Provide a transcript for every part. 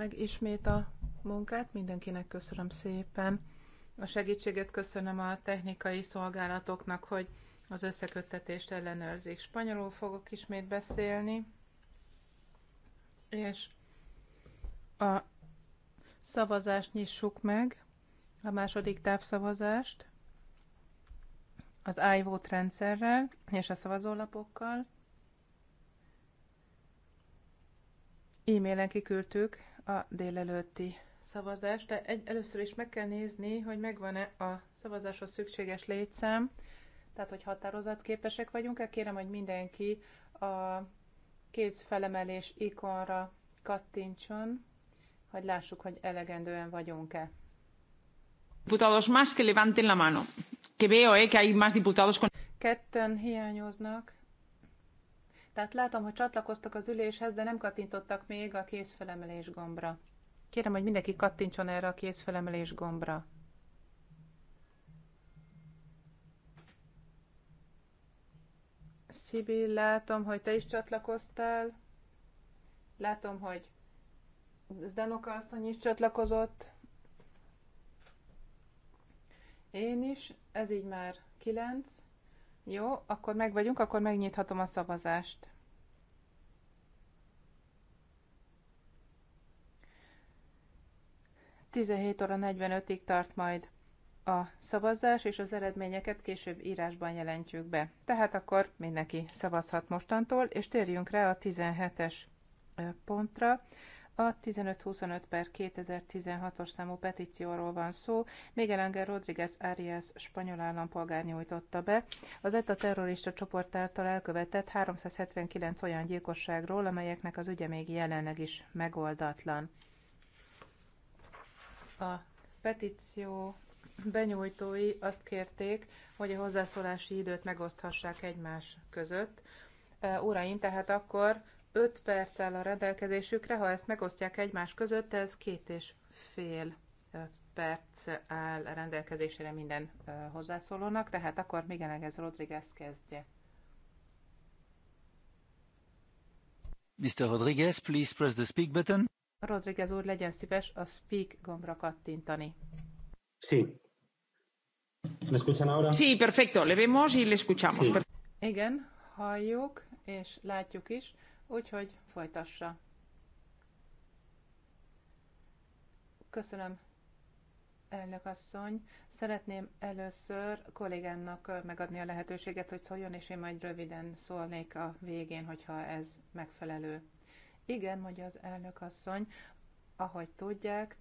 meg ismét a munkát. Mindenkinek köszönöm szépen. A segítséget köszönöm a technikai szolgálatoknak, hogy az összeköttetést ellenőrzik. Spanyolul fogok ismét beszélni, és a szavazást nyissuk meg, a második távszavazást az iVote rendszerrel és a szavazólapokkal. E-mailen kiküldtük a délelőtti szavazást, de egy, először is meg kell nézni, hogy megvan-e a szavazáshoz szükséges létszám, tehát hogy határozatképesek vagyunk-e. Kérem, hogy mindenki a kézfelemelés ikonra kattintson, hogy lássuk, hogy elegendően vagyunk-e. Diputados más que levanten la mano. Que veo, eh, que hay más diputados con... Ketten hiányoznak. Tehát látom, hogy csatlakoztak az üléshez, de nem kattintottak még a kézfelemelés gombra. Kérem, hogy mindenki kattintson erre a kézfelemelés gombra. Szibi, látom, hogy te is csatlakoztál. Látom, hogy Zdenoka asszony is csatlakozott. Én is, ez így már 9. Jó, akkor meg vagyunk, akkor megnyithatom a szavazást. Tizenhét óra 45-ig tart majd a szavazás, és az eredményeket később írásban jelentjük be. Tehát akkor mindenki szavazhat mostantól, és térjünk rá a 17-es pontra. A 1525 per 2016-os számú petícióról van szó. Miguel Ángel Rodríguez Arias spanyol állampolgár nyújtotta be. Az ETA terrorista csoport által elkövetett 379 olyan gyilkosságról, amelyeknek az ügye még jelenleg is megoldatlan. A petíció benyújtói azt kérték, hogy a hozzászólási időt megoszthassák egymás között. E, uraim, tehát akkor 5 perc áll a rendelkezésükre, ha ezt megosztják egymás között, ez két és fél perc áll a rendelkezésére minden hozzászólónak, tehát akkor Miguel Ángel Rodriguez kezdje. Mr. Rodriguez, please press the speak button. Rodriguez úr, legyen szíves a speak gombra kattintani. Sí. ¿Me escuchan ahora? Sí, perfecto. Le vemos y le escuchamos. Sí. Igen, halljuk és látjuk is. Úgyhogy folytassa. Köszönöm, elnök asszony. Szeretném először kollégának megadni a lehetőséget, hogy szóljon, és én majd röviden szólnék a végén, hogyha ez megfelelő. Igen, mondja az elnök asszony, ahogy tudják,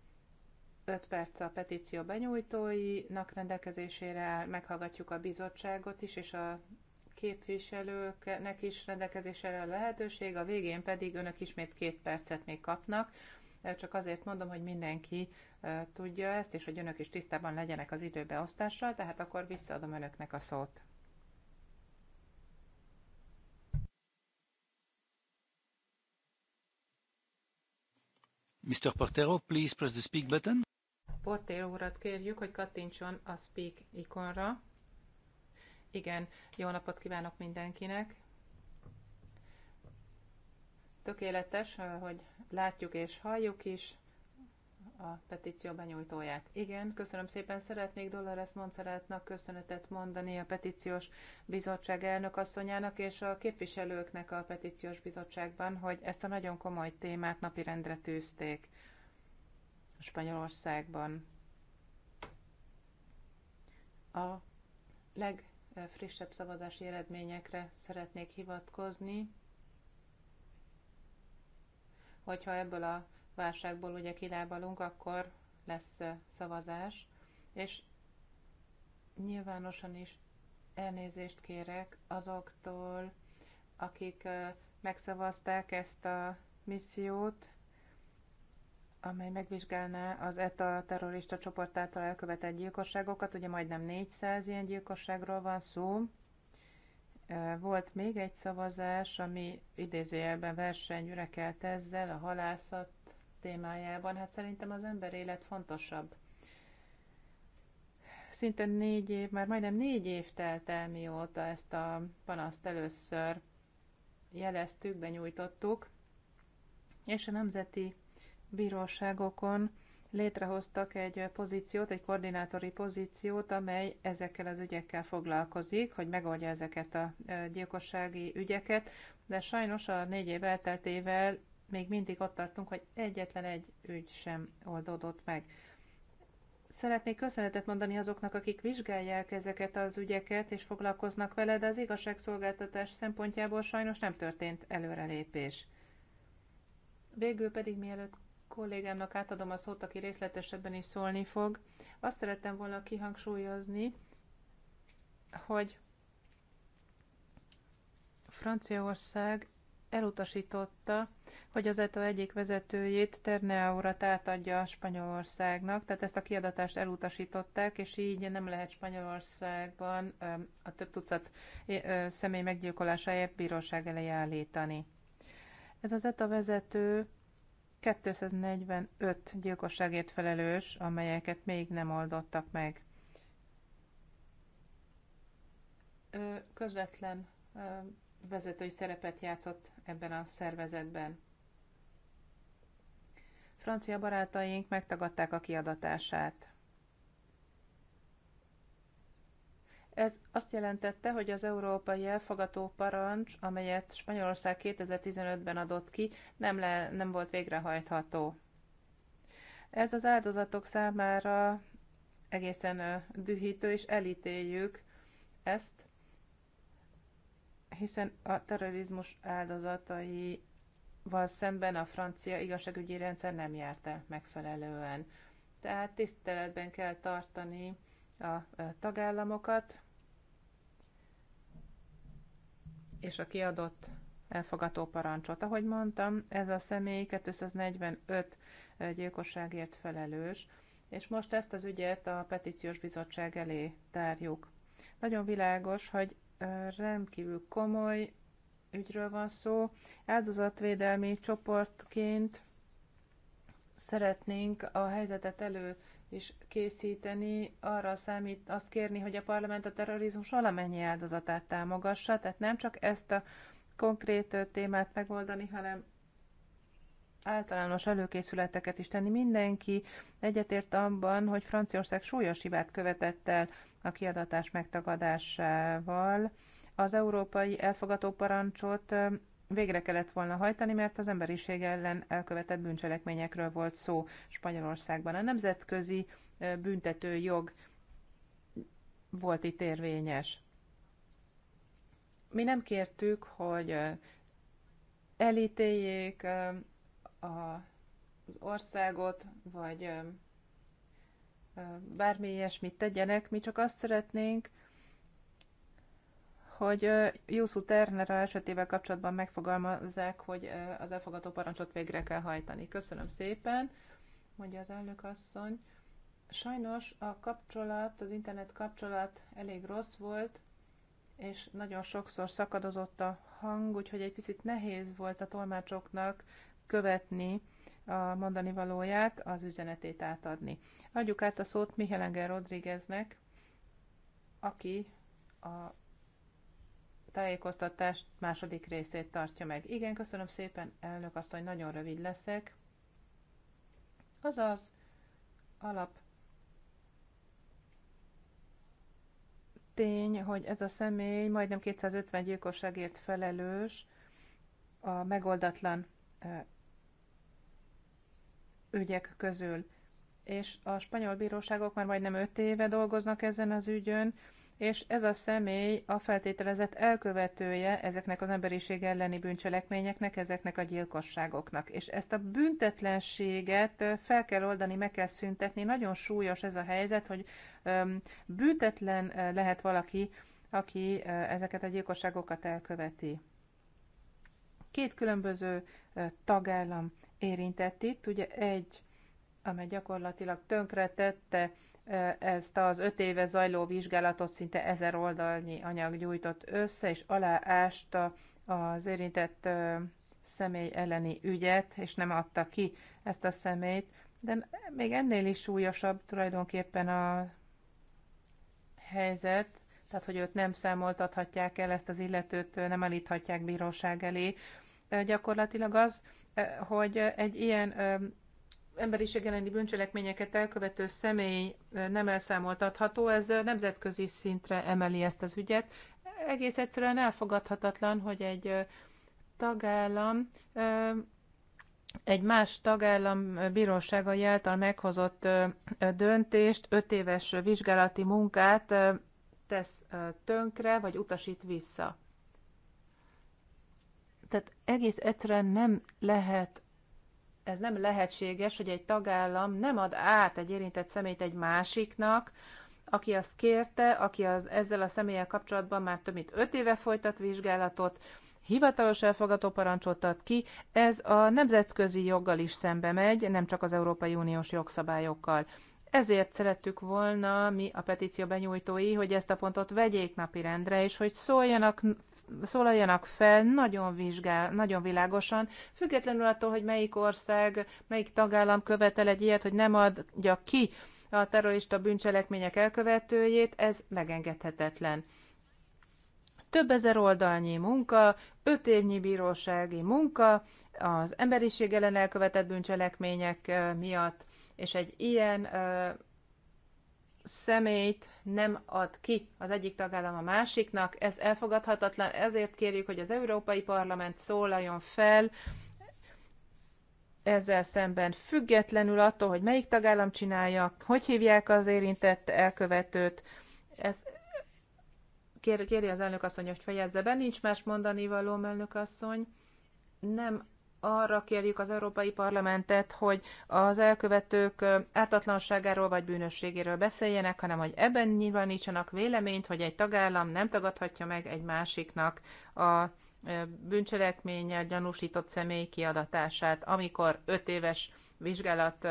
5 perc a petíció benyújtóinak rendelkezésére áll, meghallgatjuk a bizottságot is, és a képviselőknek is rendelkezésre a lehetőség, a végén pedig önök ismét két percet még kapnak. Csak azért mondom, hogy mindenki tudja ezt, és hogy önök is tisztában legyenek az időbeosztással, tehát akkor visszaadom önöknek a szót. Mr. Portero, please press the speak button. Portero urat kérjük, hogy kattintson a speak ikonra. Igen, jó napot kívánok mindenkinek. Tökéletes, hogy látjuk és halljuk is a petíció benyújtóját. Igen, köszönöm szépen. Szeretnék Dolores Monserratnak köszönetet mondani a petíciós bizottság elnök asszonyának és a képviselőknek a petíciós bizottságban, hogy ezt a nagyon komoly témát napirendre tűzték Spanyolországban. A leg frissebb szavazási eredményekre szeretnék hivatkozni, hogyha ebből a válságból ugye kilábalunk, akkor lesz szavazás, és nyilvánosan is elnézést kérek azoktól, akik megszavazták ezt a missziót, amely megvizsgálná az ETA terrorista csoport által elkövetett gyilkosságokat. Ugye majdnem 400 ilyen gyilkosságról van szó. Volt még egy szavazás, ami idézőjelben versenyre kelt ezzel a halászat témájában. Hát szerintem az ember élet fontosabb. Szinte négy év, már majdnem négy év telt el, mióta ezt a panaszt először jeleztük, benyújtottuk, és a Nemzeti bíróságokon létrehoztak egy pozíciót, egy koordinátori pozíciót, amely ezekkel az ügyekkel foglalkozik, hogy megoldja ezeket a gyilkossági ügyeket, de sajnos a négy év elteltével még mindig ott tartunk, hogy egyetlen egy ügy sem oldódott meg. Szeretnék köszönetet mondani azoknak, akik vizsgálják ezeket az ügyeket és foglalkoznak vele, de az igazságszolgáltatás szempontjából sajnos nem történt előrelépés. Végül pedig mielőtt kollégámnak átadom a szót, aki részletesebben is szólni fog. Azt szerettem volna kihangsúlyozni, hogy Franciaország elutasította, hogy az ETO egyik vezetőjét Terneurat átadja Spanyolországnak, tehát ezt a kiadatást elutasították, és így nem lehet Spanyolországban a több tucat személy meggyilkolásáért bíróság elé állítani. Ez az ETA vezető 245 gyilkosságért felelős, amelyeket még nem oldottak meg. közvetlen vezetői szerepet játszott ebben a szervezetben. Francia barátaink megtagadták a kiadatását. Ez azt jelentette, hogy az európai elfogató parancs, amelyet Spanyolország 2015-ben adott ki, nem, le, nem volt végrehajtható. Ez az áldozatok számára egészen dühítő, és elítéljük ezt, hiszen a terrorizmus áldozataival szemben a francia igazságügyi rendszer nem járt el megfelelően. Tehát tiszteletben kell tartani a tagállamokat, és a kiadott elfogató parancsot. Ahogy mondtam, ez a személy 245 gyilkosságért felelős, és most ezt az ügyet a petíciós bizottság elé tárjuk. Nagyon világos, hogy rendkívül komoly ügyről van szó. Áldozatvédelmi csoportként szeretnénk a helyzetet elő is készíteni, arra számít azt kérni, hogy a parlament a terrorizmus valamennyi áldozatát támogassa, tehát nem csak ezt a konkrét témát megoldani, hanem általános előkészületeket is tenni. Mindenki egyetért abban, hogy Franciaország súlyos hibát követett el a kiadatás megtagadásával. Az európai elfogató parancsot végre kellett volna hajtani, mert az emberiség ellen elkövetett bűncselekményekről volt szó Spanyolországban. A nemzetközi büntető jog volt itt érvényes. Mi nem kértük, hogy elítéljék az országot, vagy bármi ilyesmit tegyenek, mi csak azt szeretnénk, hogy Jussu Ternera esetével kapcsolatban megfogalmazzák, hogy az elfogadó parancsot végre kell hajtani. Köszönöm szépen, mondja az elnök asszony. Sajnos a kapcsolat, az internet kapcsolat elég rossz volt, és nagyon sokszor szakadozott a hang, úgyhogy egy picit nehéz volt a tolmácsoknak követni a mondani valóját, az üzenetét átadni. Adjuk át a szót Mihelenger Rodrigueznek, aki a tájékoztatást második részét tartja meg. Igen, köszönöm szépen, elnök asszony, nagyon rövid leszek. Azaz, alap tény, hogy ez a személy majdnem 250 gyilkosságért felelős a megoldatlan ügyek közül. És a spanyol bíróságok már majdnem 5 éve dolgoznak ezen az ügyön, és ez a személy a feltételezett elkövetője ezeknek az emberiség elleni bűncselekményeknek, ezeknek a gyilkosságoknak. És ezt a büntetlenséget fel kell oldani, meg kell szüntetni. Nagyon súlyos ez a helyzet, hogy büntetlen lehet valaki, aki ezeket a gyilkosságokat elköveti. Két különböző tagállam érintett itt, ugye egy, amely gyakorlatilag tönkretette tette ezt az öt éve zajló vizsgálatot szinte ezer oldalnyi anyag gyújtott össze, és aláásta az érintett személy elleni ügyet, és nem adta ki ezt a szemét. De még ennél is súlyosabb tulajdonképpen a helyzet, tehát hogy őt nem számoltathatják el, ezt az illetőt nem állíthatják bíróság elé. Gyakorlatilag az, hogy egy ilyen emberiség elleni bűncselekményeket elkövető személy nem elszámoltatható, ez nemzetközi szintre emeli ezt az ügyet. Egész egyszerűen elfogadhatatlan, hogy egy tagállam egy más tagállam bírósága által meghozott döntést, öt éves vizsgálati munkát tesz tönkre, vagy utasít vissza. Tehát egész egyszerűen nem lehet ez nem lehetséges, hogy egy tagállam nem ad át egy érintett szemét egy másiknak, aki azt kérte, aki az, ezzel a személlyel kapcsolatban már több mint öt éve folytat vizsgálatot, hivatalos elfogadó parancsot ad ki, ez a nemzetközi joggal is szembe megy, nem csak az Európai Uniós jogszabályokkal. Ezért szerettük volna mi a petíció benyújtói, hogy ezt a pontot vegyék napirendre, és hogy szóljanak szólaljanak fel nagyon, vizsgál, nagyon világosan, függetlenül attól, hogy melyik ország, melyik tagállam követel egy ilyet, hogy nem adja ki a terrorista bűncselekmények elkövetőjét, ez megengedhetetlen. Több ezer oldalnyi munka, öt évnyi bírósági munka az emberiség ellen elkövetett bűncselekmények miatt, és egy ilyen személyt nem ad ki az egyik tagállam a másiknak, ez elfogadhatatlan, ezért kérjük, hogy az Európai Parlament szólaljon fel, ezzel szemben függetlenül attól, hogy melyik tagállam csinálja, hogy hívják az érintett elkövetőt, ez kér, kéri az elnök asszony, hogy fejezze be, nincs más mondani való elnök asszony, nem arra kérjük az Európai Parlamentet, hogy az elkövetők ártatlanságáról vagy bűnösségéről beszéljenek, hanem hogy ebben nyilvánítsanak véleményt, hogy egy tagállam nem tagadhatja meg egy másiknak a bűncselekménnyel gyanúsított személy kiadatását, amikor öt éves vizsgálat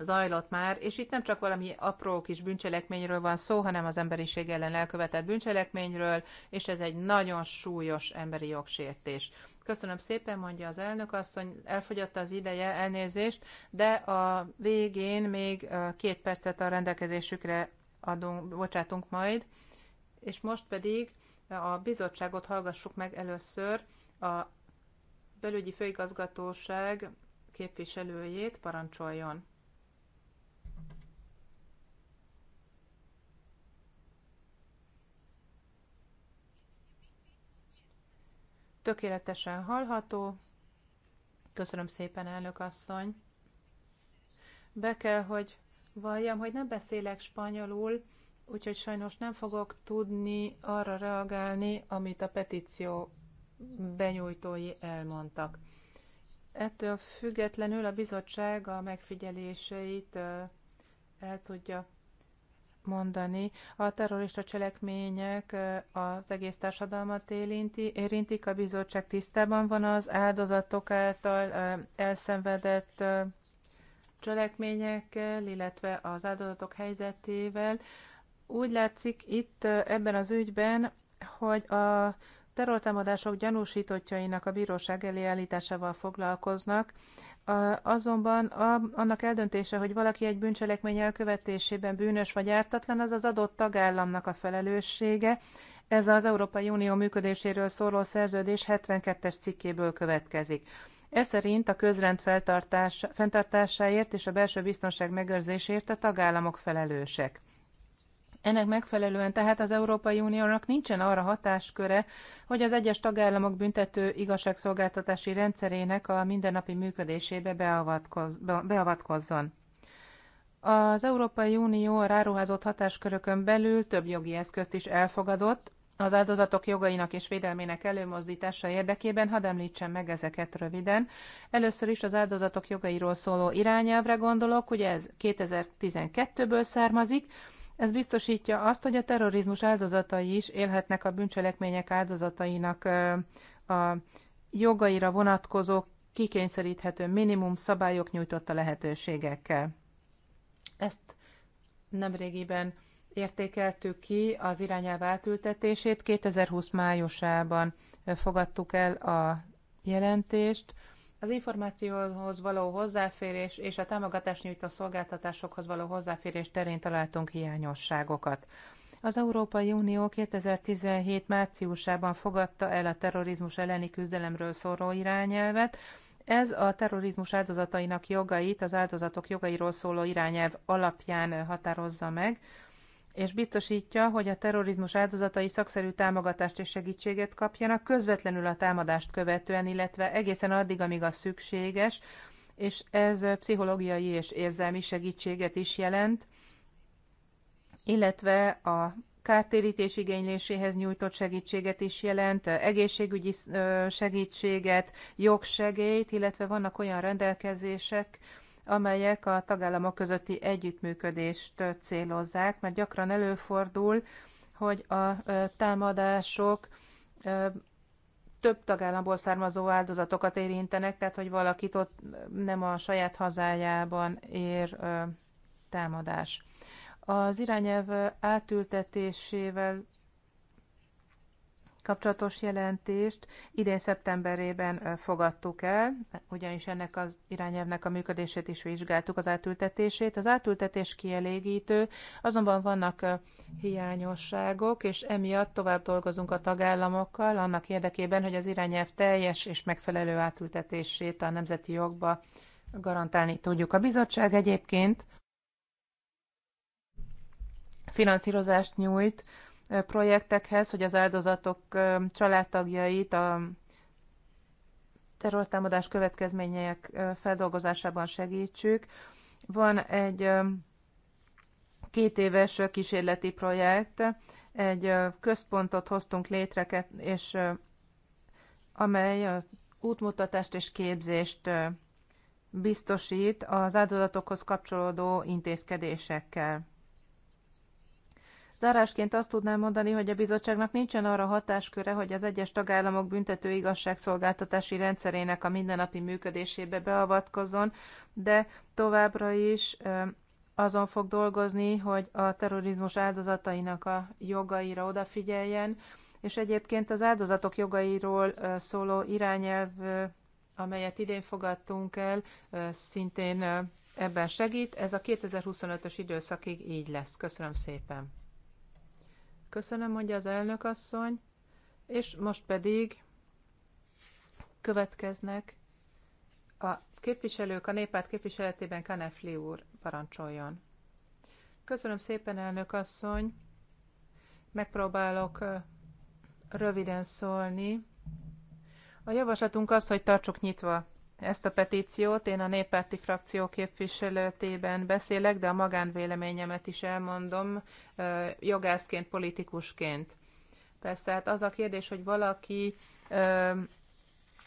zajlott már, és itt nem csak valami apró kis bűncselekményről van szó, hanem az emberiség ellen elkövetett bűncselekményről, és ez egy nagyon súlyos emberi jogsértés. Köszönöm szépen, mondja az elnök asszony, elfogyott az ideje, elnézést, de a végén még két percet a rendelkezésükre adunk, bocsátunk majd, és most pedig a bizottságot hallgassuk meg először a belügyi főigazgatóság képviselőjét parancsoljon. Tökéletesen hallható. Köszönöm szépen, elnök asszony. Be kell, hogy valljam, hogy nem beszélek spanyolul, úgyhogy sajnos nem fogok tudni arra reagálni, amit a petíció benyújtói elmondtak. Ettől függetlenül a bizottság a megfigyeléseit el tudja mondani. A terrorista cselekmények az egész társadalmat érinti, érintik, a bizottság tisztában van az áldozatok által elszenvedett cselekményekkel, illetve az áldozatok helyzetével. Úgy látszik itt ebben az ügyben, hogy a terrortámadások gyanúsítottjainak a bíróság elé állításával foglalkoznak, Azonban annak eldöntése, hogy valaki egy bűncselekmény elkövetésében bűnös vagy ártatlan, az az adott tagállamnak a felelőssége. Ez az Európai Unió működéséről szóló szerződés 72-es cikkéből következik. Ez szerint a közrend fenntartásáért és a belső biztonság megőrzéséért a tagállamok felelősek. Ennek megfelelően tehát az Európai Uniónak nincsen arra hatásköre, hogy az egyes tagállamok büntető igazságszolgáltatási rendszerének a mindennapi működésébe beavatkoz, beavatkozzon. Az Európai Unió a ráruházott hatáskörökön belül több jogi eszközt is elfogadott, az áldozatok jogainak és védelmének előmozdítása érdekében hadd említsem meg ezeket röviden. Először is az áldozatok jogairól szóló irányelvre gondolok, hogy ez 2012-ből származik, ez biztosítja azt, hogy a terrorizmus áldozatai is élhetnek a bűncselekmények áldozatainak a jogaira vonatkozó kikényszeríthető minimum szabályok nyújtotta lehetőségekkel. Ezt nemrégiben értékeltük ki az irányelv átültetését, 2020 májusában fogadtuk el a jelentést, az információhoz való hozzáférés és a támogatás nyújtó szolgáltatásokhoz való hozzáférés terén találtunk hiányosságokat. Az Európai Unió 2017 márciusában fogadta el a terrorizmus elleni küzdelemről szóló irányelvet, ez a terrorizmus áldozatainak jogait, az áldozatok jogairól szóló irányelv alapján határozza meg, és biztosítja, hogy a terrorizmus áldozatai szakszerű támogatást és segítséget kapjanak közvetlenül a támadást követően, illetve egészen addig, amíg az szükséges, és ez pszichológiai és érzelmi segítséget is jelent, illetve a kártérítés igényléséhez nyújtott segítséget is jelent, egészségügyi segítséget, jogsegélyt, illetve vannak olyan rendelkezések, amelyek a tagállamok közötti együttműködést célozzák, mert gyakran előfordul, hogy a támadások több tagállamból származó áldozatokat érintenek, tehát hogy valakit ott nem a saját hazájában ér támadás. Az irányelv átültetésével kapcsolatos jelentést idén szeptemberében fogadtuk el, ugyanis ennek az irányelvnek a működését is vizsgáltuk, az átültetését. Az átültetés kielégítő, azonban vannak hiányosságok, és emiatt tovább dolgozunk a tagállamokkal annak érdekében, hogy az irányelv teljes és megfelelő átültetését a nemzeti jogba garantálni tudjuk. A bizottság egyébként finanszírozást nyújt projektekhez, hogy az áldozatok családtagjait a terrortámadás következményeinek feldolgozásában segítsük. Van egy két éves kísérleti projekt, egy központot hoztunk létre, és amely útmutatást és képzést biztosít az áldozatokhoz kapcsolódó intézkedésekkel. Zárásként azt tudnám mondani, hogy a bizottságnak nincsen arra hatásköre, hogy az egyes tagállamok büntető igazságszolgáltatási rendszerének a mindennapi működésébe beavatkozzon, de továbbra is azon fog dolgozni, hogy a terrorizmus áldozatainak a jogaira odafigyeljen, és egyébként az áldozatok jogairól szóló irányelv, amelyet idén fogadtunk el, szintén ebben segít. Ez a 2025-ös időszakig így lesz. Köszönöm szépen! Köszönöm, mondja az elnök asszony, és most pedig következnek a képviselők, a néppárt képviseletében Kanefli úr parancsoljon. Köszönöm szépen, elnök asszony. Megpróbálok röviden szólni. A javaslatunk az, hogy tartsuk nyitva ezt a petíciót. Én a néppárti frakció képviseletében beszélek, de a magánvéleményemet is elmondom, jogászként, politikusként. Persze, hát az a kérdés, hogy valaki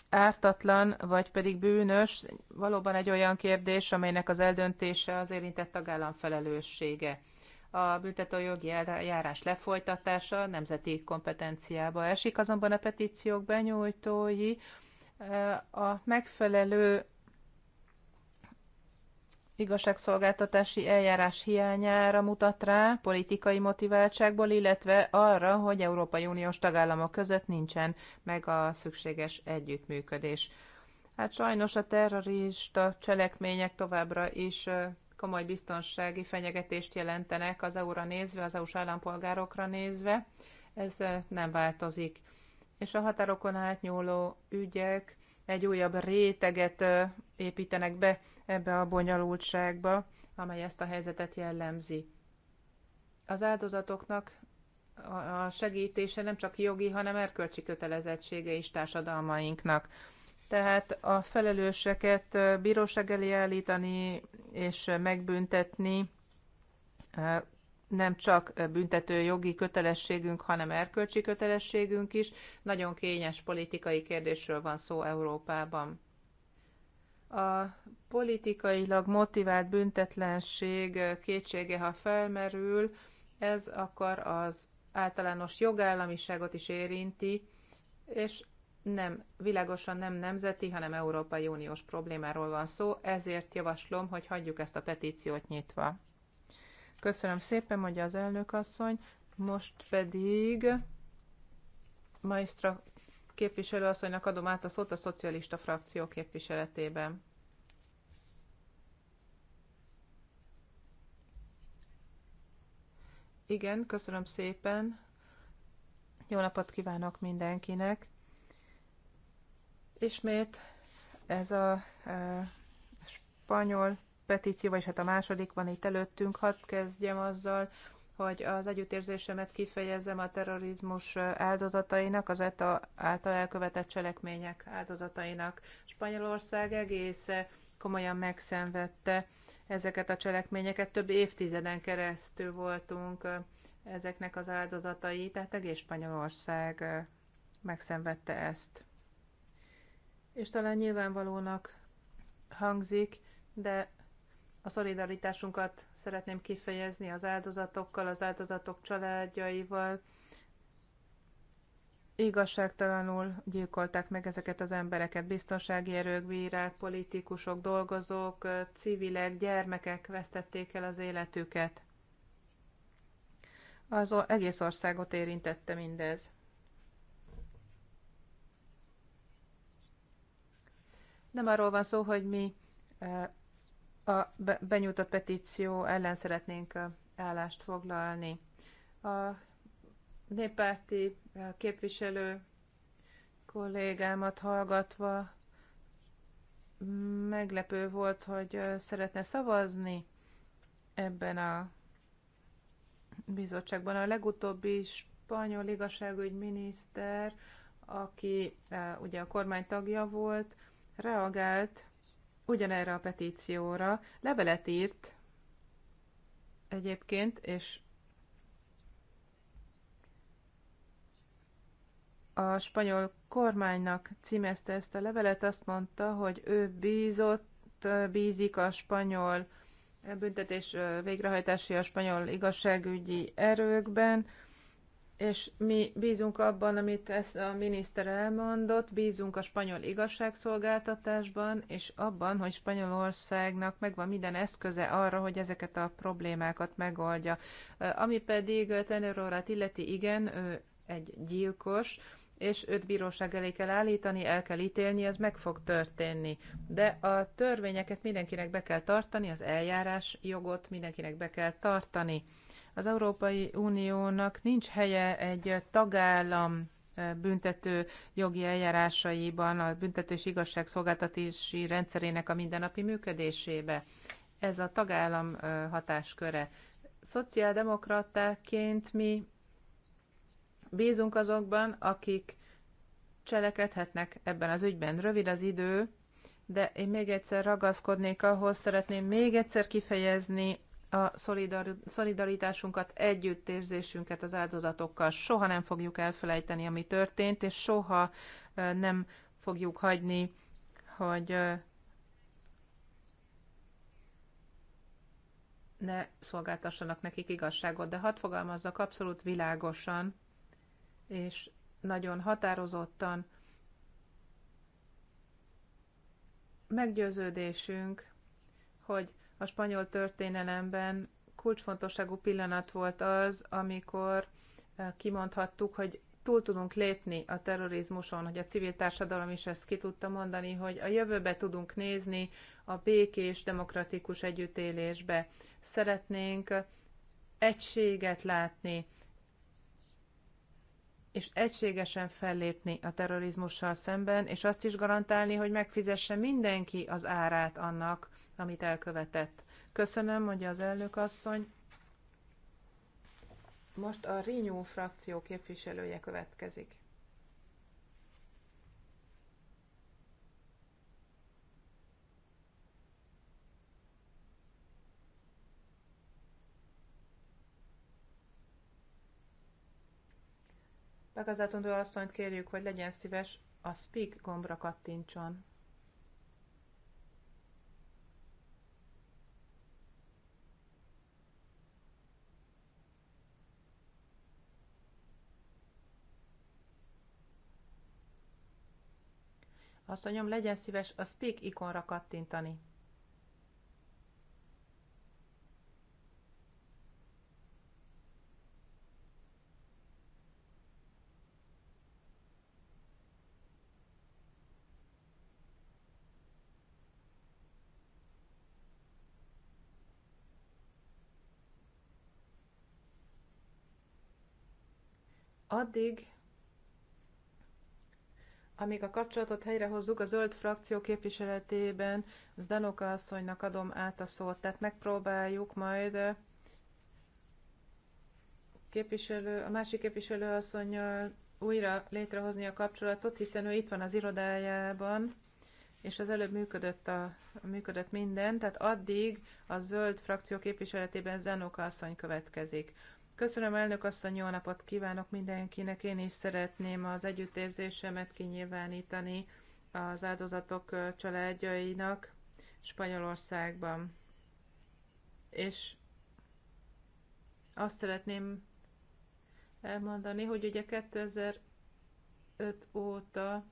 ártatlan, vagy pedig bűnös, valóban egy olyan kérdés, amelynek az eldöntése az érintett tagállam felelőssége. A büntetőjogi eljárás lefolytatása nemzeti kompetenciába esik, azonban a petíciók benyújtói a megfelelő igazságszolgáltatási eljárás hiányára mutat rá politikai motiváltságból, illetve arra, hogy Európai Uniós tagállamok között nincsen meg a szükséges együttműködés. Hát sajnos a terrorista cselekmények továbbra is komoly biztonsági fenyegetést jelentenek az EU-ra nézve, az EU-s állampolgárokra nézve. Ez nem változik és a határokon átnyúló ügyek egy újabb réteget építenek be ebbe a bonyolultságba, amely ezt a helyzetet jellemzi. Az áldozatoknak a segítése nem csak jogi, hanem erkölcsi kötelezettsége is társadalmainknak. Tehát a felelőseket bíróság elé állítani és megbüntetni nem csak büntető jogi kötelességünk, hanem erkölcsi kötelességünk is. Nagyon kényes politikai kérdésről van szó Európában. A politikailag motivált büntetlenség kétsége, ha felmerül, ez akar az általános jogállamiságot is érinti, és nem, világosan nem nemzeti, hanem Európai Uniós problémáról van szó, ezért javaslom, hogy hagyjuk ezt a petíciót nyitva. Köszönöm szépen, mondja az elnök asszony. Most pedig Maestra képviselőasszonynak adom át a szót a szocialista frakció képviseletében. Igen, köszönöm szépen. Jó napot kívánok mindenkinek. Ismét ez a e, spanyol petíció, vagy, hát a második van itt előttünk, hadd kezdjem azzal, hogy az együttérzésemet kifejezem a terrorizmus áldozatainak, az ETA által elkövetett cselekmények áldozatainak. Spanyolország egész komolyan megszenvedte ezeket a cselekményeket. Több évtizeden keresztül voltunk ezeknek az áldozatai, tehát egész Spanyolország megszenvedte ezt. És talán nyilvánvalónak hangzik, de a szolidaritásunkat szeretném kifejezni az áldozatokkal, az áldozatok családjaival. Igazságtalanul gyilkolták meg ezeket az embereket biztonsági erők, bírák, politikusok, dolgozók, civilek, gyermekek vesztették el az életüket. Az egész országot érintette mindez. Nem arról van szó, hogy mi eh, a benyújtott petíció ellen szeretnénk állást foglalni. A néppárti képviselő kollégámat hallgatva meglepő volt, hogy szeretne szavazni ebben a bizottságban. A legutóbbi spanyol miniszter, aki ugye a kormány tagja volt, reagált ugyanerre a petícióra levelet írt egyébként, és a spanyol kormánynak címezte ezt a levelet, azt mondta, hogy ő bízott, bízik a spanyol büntetés végrehajtási a spanyol igazságügyi erőkben, és mi bízunk abban, amit ezt a miniszter elmondott, bízunk a spanyol igazságszolgáltatásban, és abban, hogy Spanyolországnak megvan minden eszköze arra, hogy ezeket a problémákat megoldja. Ami pedig Tenerorát illeti, igen, ő egy gyilkos, és őt bíróság elé kell állítani, el kell ítélni, ez meg fog történni. De a törvényeket mindenkinek be kell tartani, az eljárás jogot mindenkinek be kell tartani az Európai Uniónak nincs helye egy tagállam büntető jogi eljárásaiban, a büntető és igazságszolgáltatási rendszerének a mindennapi működésébe. Ez a tagállam hatásköre. Szociáldemokratáként mi bízunk azokban, akik cselekedhetnek ebben az ügyben. Rövid az idő, de én még egyszer ragaszkodnék ahhoz, szeretném még egyszer kifejezni a szolidaritásunkat, együttérzésünket az áldozatokkal. Soha nem fogjuk elfelejteni, ami történt, és soha nem fogjuk hagyni, hogy ne szolgáltassanak nekik igazságot, de hadd fogalmazzak abszolút világosan, és nagyon határozottan. Meggyőződésünk, hogy a spanyol történelemben kulcsfontosságú pillanat volt az, amikor eh, kimondhattuk, hogy túl tudunk lépni a terrorizmuson, hogy a civil társadalom is ezt ki tudta mondani, hogy a jövőbe tudunk nézni a békés, demokratikus együttélésbe. Szeretnénk egységet látni, és egységesen fellépni a terrorizmussal szemben, és azt is garantálni, hogy megfizesse mindenki az árát annak, amit elkövetett. Köszönöm, mondja az elnök asszony. Most a Rinyó frakció képviselője következik. Megazátondó asszonyt kérjük, hogy legyen szíves a speak gombra kattintson. Asszonyom, legyen szíves a speak ikonra kattintani. Addig amíg a kapcsolatot helyrehozzuk, a zöld frakció képviseletében Zdanoka asszonynak adom át a szót, tehát megpróbáljuk majd eh, képviselő, a másik képviselő asszonynal újra létrehozni a kapcsolatot, hiszen ő itt van az irodájában, és az előbb működött, a, működött minden, tehát addig a zöld frakció képviseletében Zanoka asszony következik. Köszönöm, elnök asszony, jó napot kívánok mindenkinek. Én is szeretném az együttérzésemet kinyilvánítani az áldozatok családjainak Spanyolországban. És azt szeretném elmondani, hogy ugye 2005 óta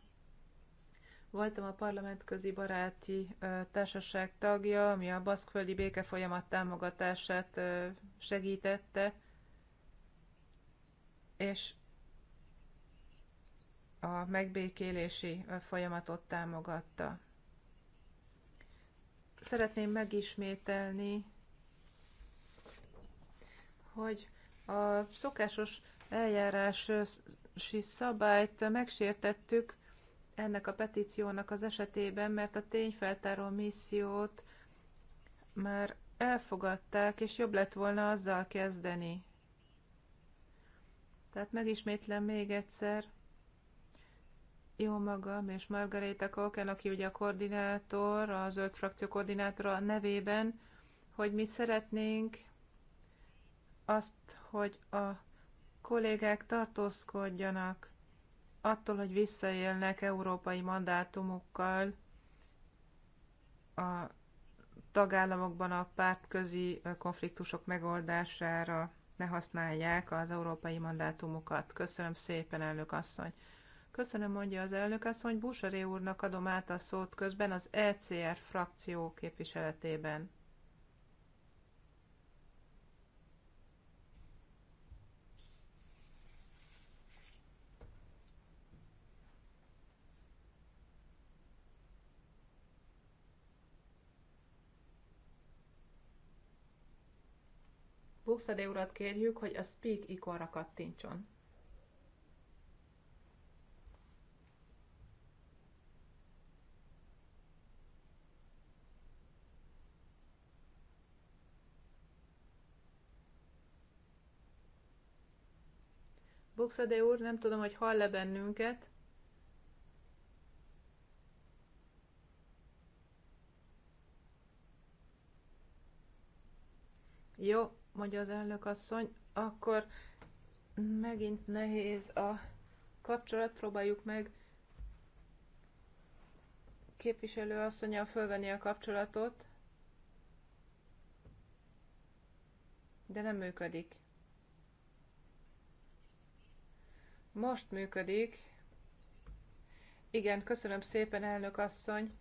voltam a parlamentközi baráti társaság tagja, ami a baszkföldi békefolyamat támogatását segítette, és a megbékélési folyamatot támogatta. Szeretném megismételni, hogy a szokásos eljárási szabályt megsértettük ennek a petíciónak az esetében, mert a tényfeltáró missziót már elfogadták, és jobb lett volna azzal kezdeni, tehát megismétlem még egyszer, jó magam és Margaréta Kalken, aki ugye a koordinátor, a zöld frakció koordinátora a nevében, hogy mi szeretnénk azt, hogy a kollégák tartózkodjanak attól, hogy visszaélnek európai mandátumukkal a tagállamokban a pártközi konfliktusok megoldására ne használják az európai mandátumokat. Köszönöm szépen, elnök asszony. Köszönöm, mondja az elnök asszony. a úrnak adom át a szót közben az ECR frakció képviseletében. Buxadé urat kérjük, hogy a speak ikonra kattintson. Buxadé úr, nem tudom, hogy hall-e bennünket. Jó, mondja az elnök asszony, akkor megint nehéz a kapcsolat, próbáljuk meg képviselő asszonya fölvenni a kapcsolatot, de nem működik. Most működik. Igen, köszönöm szépen, elnök asszony.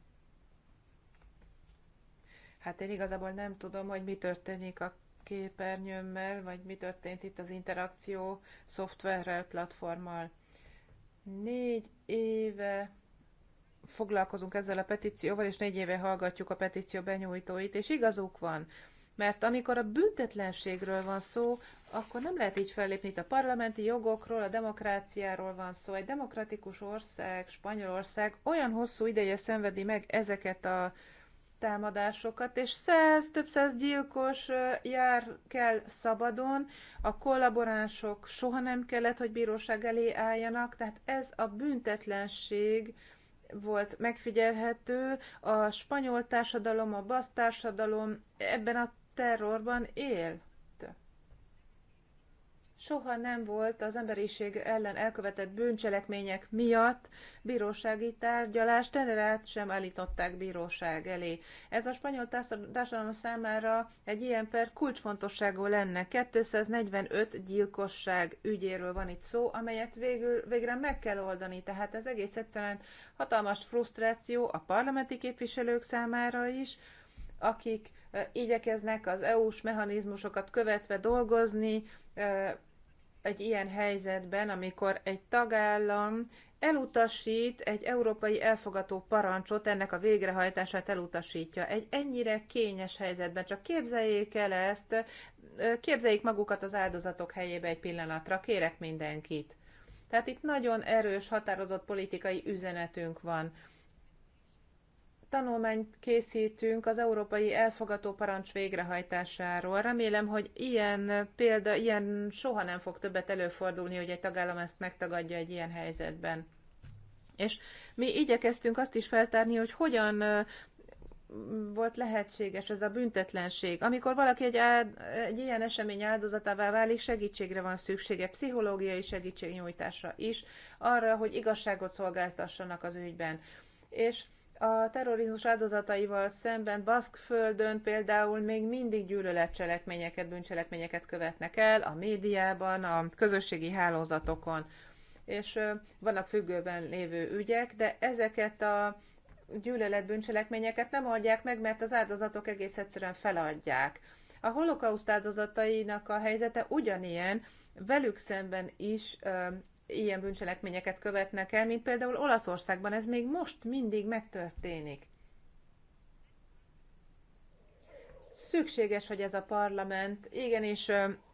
Hát én igazából nem tudom, hogy mi történik a képernyőmmel, vagy mi történt itt az interakció szoftverrel, platformmal. Négy éve foglalkozunk ezzel a petícióval, és négy éve hallgatjuk a petíció benyújtóit, és igazuk van, mert amikor a büntetlenségről van szó, akkor nem lehet így fellépni. Itt a parlamenti jogokról, a demokráciáról van szó. Egy demokratikus ország, Spanyolország olyan hosszú ideje szenvedi meg ezeket a támadásokat, és száz, több száz gyilkos jár kell szabadon, a kollaboránsok soha nem kellett, hogy bíróság elé álljanak, tehát ez a büntetlenség volt megfigyelhető, a spanyol társadalom, a basz társadalom ebben a terrorban él soha nem volt az emberiség ellen elkövetett bűncselekmények miatt bírósági tárgyalás, Tenerát sem állították bíróság elé. Ez a spanyol társadalom számára egy ilyen per kulcsfontosságú lenne. 245 gyilkosság ügyéről van itt szó, amelyet végül, végre meg kell oldani. Tehát ez egész egyszerűen hatalmas frusztráció a parlamenti képviselők számára is, akik eh, igyekeznek az EU-s mechanizmusokat követve dolgozni, egy ilyen helyzetben, amikor egy tagállam elutasít egy európai elfogató parancsot, ennek a végrehajtását elutasítja. Egy ennyire kényes helyzetben, csak képzeljék el ezt, képzeljék magukat az áldozatok helyébe egy pillanatra, kérek mindenkit. Tehát itt nagyon erős, határozott politikai üzenetünk van tanulmányt készítünk az európai elfogató parancs végrehajtásáról. Remélem, hogy ilyen példa, ilyen soha nem fog többet előfordulni, hogy egy tagállam ezt megtagadja egy ilyen helyzetben. És mi igyekeztünk azt is feltárni, hogy hogyan volt lehetséges ez a büntetlenség. Amikor valaki egy, áld, egy ilyen esemény áldozatává válik, segítségre van szüksége, pszichológiai segítségnyújtásra is, arra, hogy igazságot szolgáltassanak az ügyben. És a terrorizmus áldozataival szemben Baszkföldön például még mindig gyűlöletcselekményeket, bűncselekményeket követnek el a médiában, a közösségi hálózatokon. És vannak függőben lévő ügyek, de ezeket a gyűlöletbűncselekményeket nem adják meg, mert az áldozatok egész egyszerűen feladják. A holokauszt áldozatainak a helyzete ugyanilyen, velük szemben is ilyen bűncselekményeket követnek el, mint például Olaszországban ez még most mindig megtörténik. Szükséges, hogy ez a parlament igenis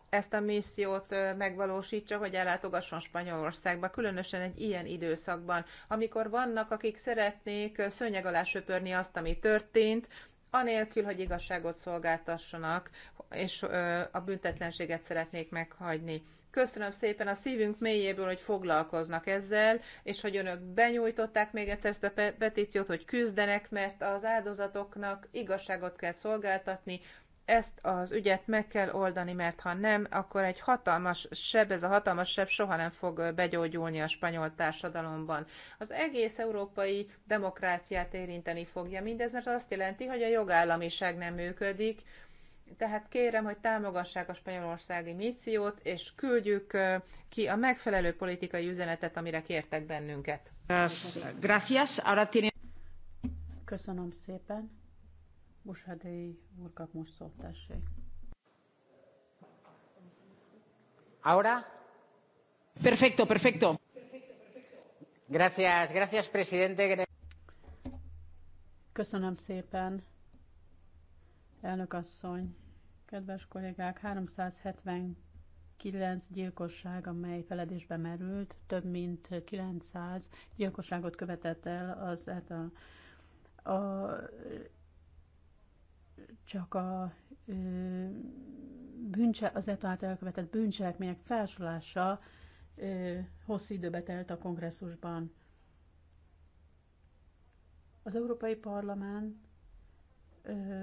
ezt a missziót megvalósítsa, hogy ellátogasson Spanyolországba, különösen egy ilyen időszakban, amikor vannak, akik szeretnék szőnyeg alá söpörni azt, ami történt, anélkül, hogy igazságot szolgáltassanak, és a büntetlenséget szeretnék meghagyni. Köszönöm szépen a szívünk mélyéből, hogy foglalkoznak ezzel, és hogy önök benyújtották még egyszer ezt a petíciót, hogy küzdenek, mert az áldozatoknak igazságot kell szolgáltatni, ezt az ügyet meg kell oldani, mert ha nem, akkor egy hatalmas seb, ez a hatalmas seb soha nem fog begyógyulni a spanyol társadalomban. Az egész európai demokráciát érinteni fogja mindez, mert azt jelenti, hogy a jogállamiság nem működik, tehát kérem, hogy támogassák a spanyolországi missziót, és küldjük ki a megfelelő politikai üzenetet, amire kértek bennünket. Köszönöm szépen. Busadéi úr kap most szót, tessék. Ahora? Perfecto, perfecto. Gracias, gracias, presidente. Köszönöm szépen, elnök asszony. Kedves kollégák, 379 gyilkosság, amely feledésbe merült, több mint 900 gyilkosságot követett el az hát a, a, csak a bűncse, az ETA által elkövetett bűncselekmények felsorolása hosszú időbe telt a kongresszusban. Az Európai Parlament ö,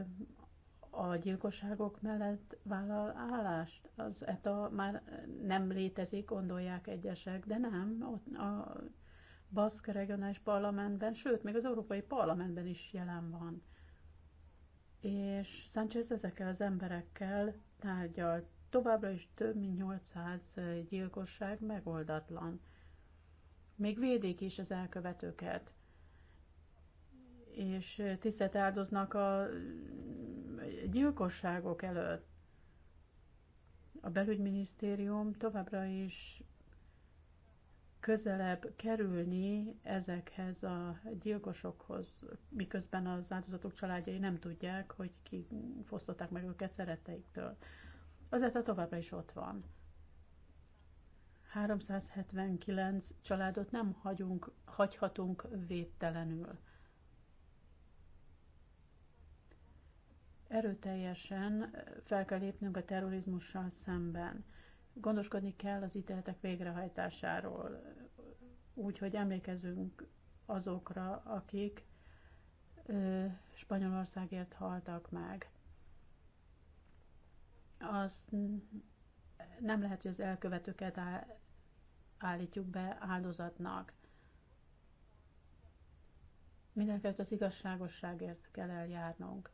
a gyilkosságok mellett vállal állást. Az ETA már nem létezik, gondolják egyesek, de nem. Ott a Baszk regionális parlamentben, sőt, még az Európai Parlamentben is jelen van. És Sánchez ezekkel az emberekkel tárgyalt. Továbbra is több mint 800 gyilkosság megoldatlan. Még védik is az elkövetőket és tisztet áldoznak a gyilkosságok előtt. A belügyminisztérium továbbra is közelebb kerülni ezekhez a gyilkosokhoz, miközben az áldozatok családjai nem tudják, hogy ki fosztották meg őket szeretteiktől. Azért a továbbra is ott van. 379 családot nem hagyunk, hagyhatunk védtelenül. Erőteljesen fel kell lépnünk a terrorizmussal szemben. Gondoskodni kell az ítéletek végrehajtásáról, úgy, hogy emlékezünk azokra, akik ö, Spanyolországért haltak meg. Az nem lehet, hogy az elkövetőket állítjuk be áldozatnak. Mindenkelőtt az igazságosságért kell eljárnunk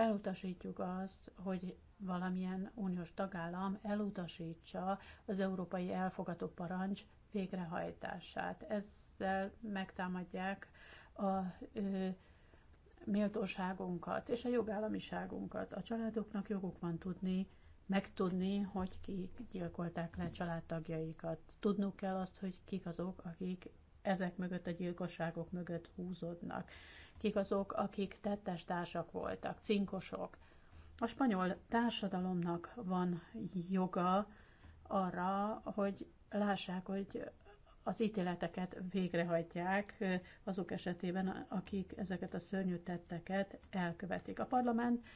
elutasítjuk azt, hogy valamilyen uniós tagállam elutasítsa az európai elfogadó parancs végrehajtását. Ezzel megtámadják a ö, méltóságunkat és a jogállamiságunkat. A családoknak joguk van tudni, megtudni, hogy kik gyilkolták le családtagjaikat. Tudnuk kell azt, hogy kik azok, akik ezek mögött a gyilkosságok mögött húzódnak kik azok, akik tettes társak voltak, cinkosok. A spanyol társadalomnak van joga arra, hogy lássák, hogy az ítéleteket végrehajtják azok esetében, akik ezeket a szörnyű tetteket elkövetik. A parlament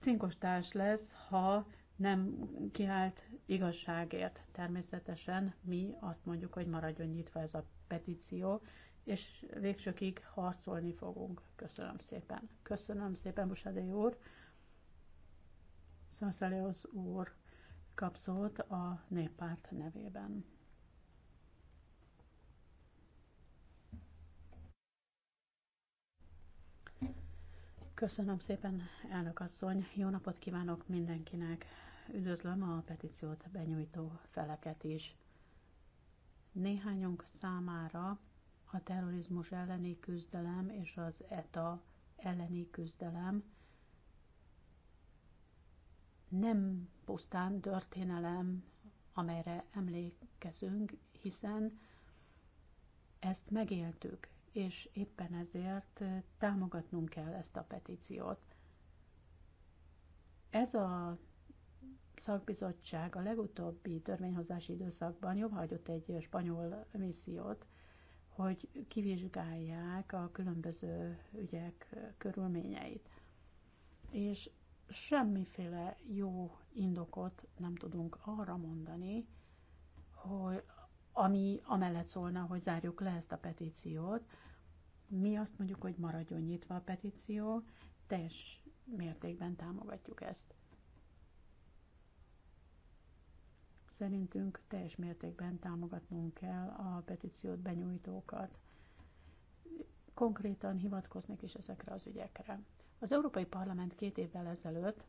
cinkostárs lesz, ha nem kiállt igazságért. Természetesen mi azt mondjuk, hogy maradjon nyitva ez a petíció, és végsőkig harcolni fogunk. Köszönöm szépen. Köszönöm szépen, Busadé úr. Szanszeleosz úr kapszolt a néppárt nevében. Köszönöm szépen, elnök asszony. Jó napot kívánok mindenkinek. Üdvözlöm a petíciót benyújtó feleket is. Néhányunk számára a terrorizmus elleni küzdelem és az ETA elleni küzdelem nem pusztán történelem, amelyre emlékezünk, hiszen ezt megéltük, és éppen ezért támogatnunk kell ezt a petíciót. Ez a szakbizottság a legutóbbi törvényhozási időszakban jobb hagyott egy spanyol missziót, hogy kivizsgálják a különböző ügyek körülményeit. És semmiféle jó indokot nem tudunk arra mondani, hogy ami amellett szólna, hogy zárjuk le ezt a petíciót. Mi azt mondjuk, hogy maradjon nyitva a petíció, teljes mértékben támogatjuk ezt. Szerintünk teljes mértékben támogatnunk kell a petíciót benyújtókat. Konkrétan hivatkoznék is ezekre az ügyekre. Az Európai Parlament két évvel ezelőtt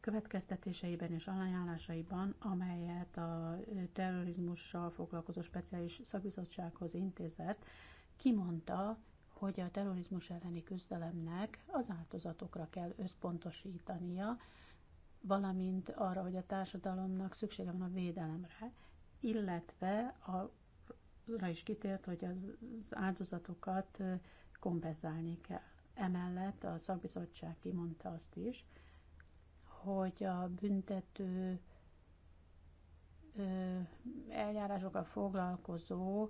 következtetéseiben és ajánlásaiban, amelyet a terrorizmussal foglalkozó speciális szakbizottsághoz intézett, kimondta, hogy a terrorizmus elleni küzdelemnek az áldozatokra kell összpontosítania, valamint arra, hogy a társadalomnak szüksége van a védelemre, illetve arra is kitért, hogy az áldozatokat kompenzálni kell. Emellett a szakbizottság kimondta azt is, hogy a büntető eljárásokkal foglalkozó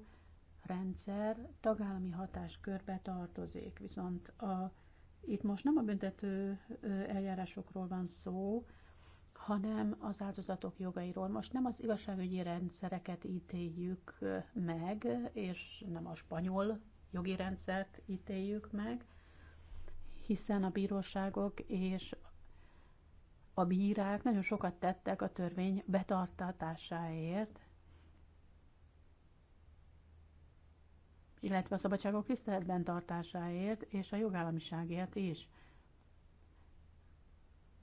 rendszer tagállami hatáskörbe tartozik, viszont a, itt most nem a büntető eljárásokról van szó, hanem az áldozatok jogairól. Most nem az igazságügyi rendszereket ítéljük meg, és nem a spanyol jogi rendszert ítéljük meg, hiszen a bíróságok és a bírák nagyon sokat tettek a törvény betartatásáért, illetve a szabadságok tiszteletben tartásáért és a jogállamiságért is.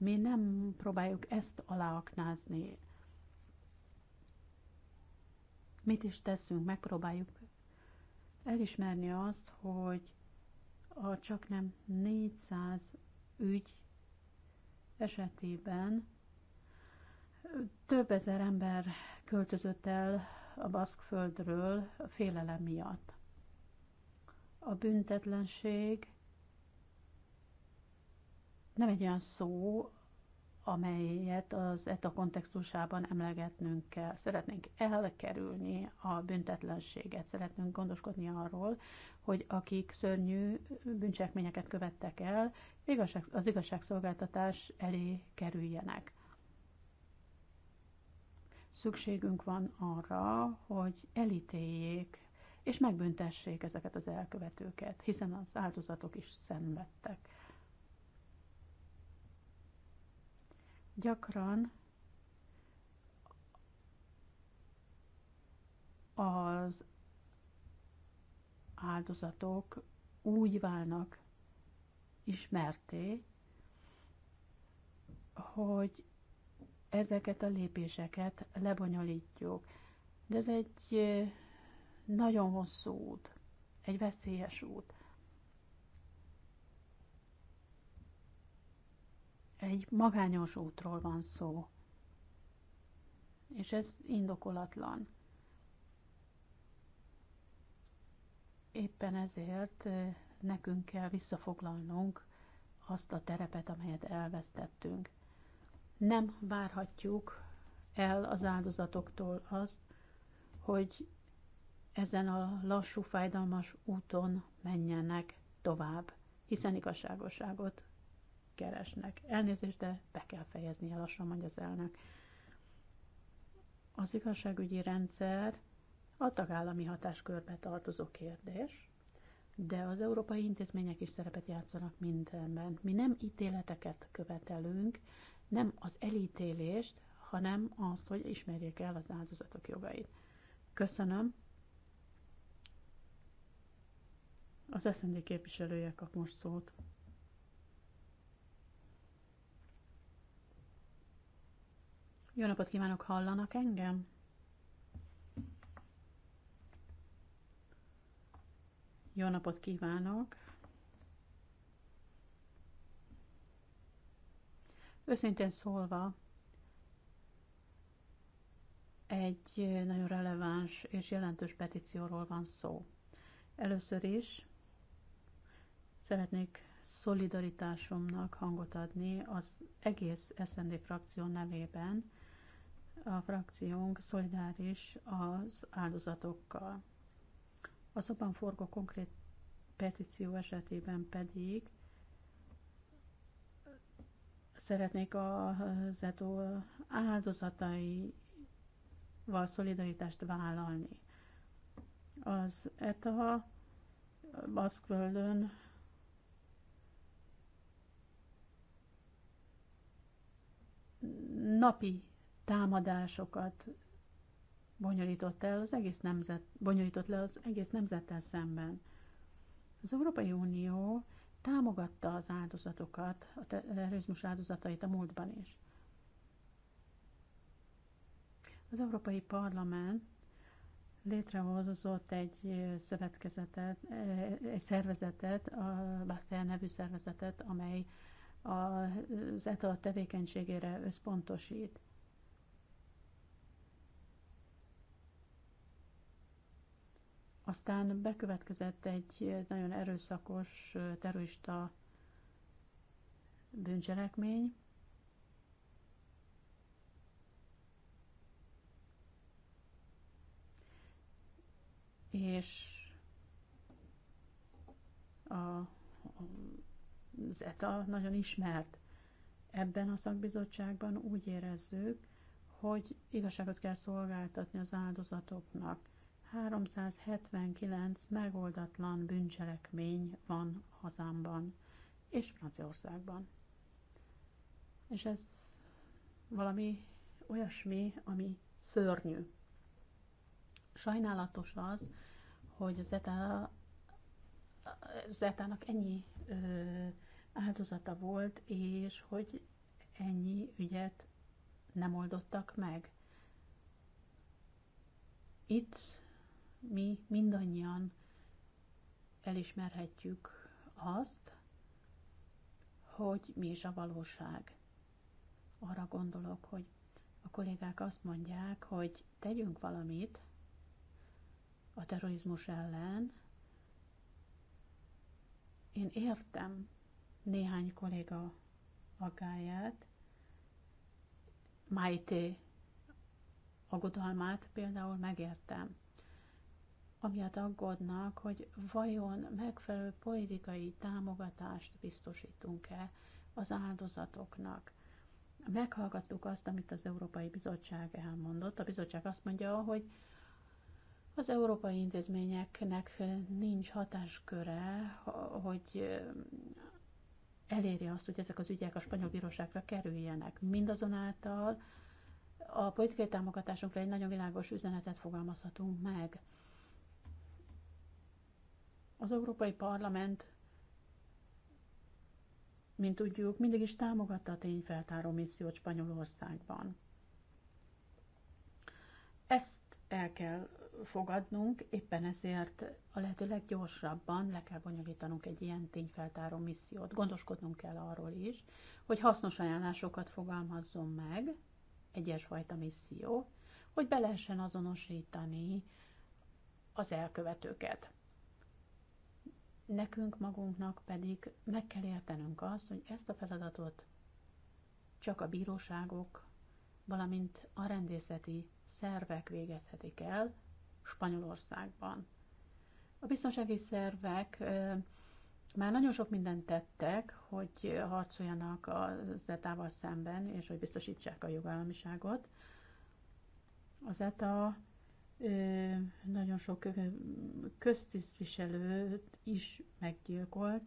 Mi nem próbáljuk ezt aláaknázni. Mit is teszünk? Megpróbáljuk elismerni azt, hogy a csak nem 400 ügy esetében több ezer ember költözött el a baszkföldről félelem miatt. A büntetlenség nem egy olyan szó, amelyet az ETA kontextusában emlegetnünk kell. Szeretnénk elkerülni a büntetlenséget, szeretnénk gondoskodni arról, hogy akik szörnyű bűncselekményeket követtek el, az igazságszolgáltatás elé kerüljenek. Szükségünk van arra, hogy elítéljék és megbüntessék ezeket az elkövetőket, hiszen az áldozatok is szenvedtek. Gyakran az áldozatok úgy válnak ismerté, hogy ezeket a lépéseket lebonyolítjuk. De ez egy eh, nagyon hosszú út, egy veszélyes út. egy magányos útról van szó. És ez indokolatlan. Éppen ezért nekünk kell visszafoglalnunk azt a terepet, amelyet elvesztettünk. Nem várhatjuk el az áldozatoktól azt, hogy ezen a lassú, fájdalmas úton menjenek tovább, hiszen igazságoságot keresnek. Elnézést, de be kell fejeznie lassan, mondja az elnök. Az igazságügyi rendszer a tagállami hatáskörbe tartozó kérdés, de az európai intézmények is szerepet játszanak mindenben. Mi nem ítéleteket követelünk, nem az elítélést, hanem azt, hogy ismerjék el az áldozatok jogait. Köszönöm. Az SZND képviselője kap most szót. Jó napot kívánok, hallanak engem? Jó napot kívánok! Őszintén szólva, egy nagyon releváns és jelentős petícióról van szó. Először is szeretnék szolidaritásomnak hangot adni az egész SND frakció nevében, a frakciónk szolidáris az áldozatokkal. A szoban forgó konkrét petíció esetében pedig szeretnék az ETO áldozataival szolidaritást vállalni. Az ETA Baszkvöldön napi támadásokat bonyolított el az egész nemzet, bonyolított le az egész nemzettel szemben. Az Európai Unió támogatta az áldozatokat, a terrorizmus áldozatait a múltban is. Az Európai Parlament létrehozott egy szövetkezetet, egy szervezetet, a Bastel nevű szervezetet, amely az ETA tevékenységére összpontosít. Aztán bekövetkezett egy nagyon erőszakos terrorista bűncselekmény, és a, az ETA nagyon ismert. Ebben a szakbizottságban úgy érezzük, hogy igazságot kell szolgáltatni az áldozatoknak. 379 megoldatlan bűncselekmény van hazámban és Franciaországban. És ez valami olyasmi, ami szörnyű. Sajnálatos az, hogy az ETA, ennyi ö, áldozata volt, és hogy ennyi ügyet nem oldottak meg. Itt mi mindannyian elismerhetjük azt, hogy mi is a valóság. Arra gondolok, hogy a kollégák azt mondják, hogy tegyünk valamit a terrorizmus ellen. Én értem néhány kolléga aggáját, Maite aggodalmát például megértem amiatt aggódnak, hogy vajon megfelelő politikai támogatást biztosítunk-e az áldozatoknak. Meghallgattuk azt, amit az Európai Bizottság elmondott. A bizottság azt mondja, hogy az európai intézményeknek nincs hatásköre, hogy eh, elérje azt, hogy ezek az ügyek a spanyol bíróságra kerüljenek. Mindazonáltal a politikai támogatásunkra egy nagyon világos üzenetet fogalmazhatunk meg. Az Európai Parlament, mint tudjuk, mindig is támogatta a tényfeltáró missziót Spanyolországban. Ezt el kell fogadnunk, éppen ezért a lehető leggyorsabban le kell bonyolítanunk egy ilyen tényfeltáró missziót. Gondoskodnunk kell arról is, hogy hasznos ajánlásokat fogalmazzon meg egyes fajta misszió, hogy be lehessen azonosítani az elkövetőket. Nekünk magunknak pedig meg kell értenünk azt, hogy ezt a feladatot csak a bíróságok, valamint a rendészeti szervek végezhetik el Spanyolországban. A biztonsági szervek már nagyon sok mindent tettek, hogy harcoljanak az ETA-val szemben, és hogy biztosítsák a jogállamiságot. Az ETA nagyon sok köztisztviselőt is meggyilkolt,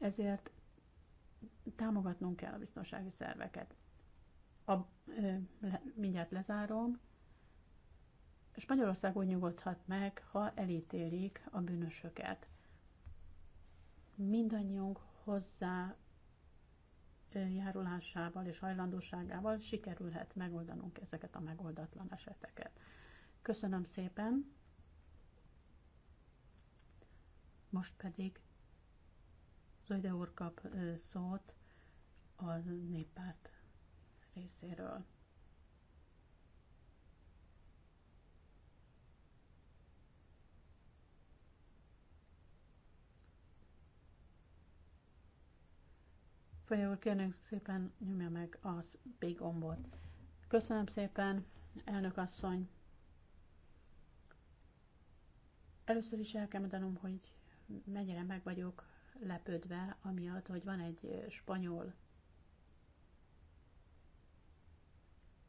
ezért támogatnunk kell a biztonsági szerveket. A, le, mindjárt lezárom. Spanyolország úgy nyugodhat meg, ha elítélik a bűnösöket. Mindannyiunk hozzá járulásával és hajlandóságával sikerülhet megoldanunk ezeket a megoldatlan eseteket. Köszönöm szépen. Most pedig Zöjde úr kap szót a néppárt részéről. Faja úr, kérnénk szépen nyomja meg az big gombot. Köszönöm szépen, elnök asszony. Először is el kell mondanom, hogy mennyire meg vagyok lepődve, amiatt, hogy van egy spanyol,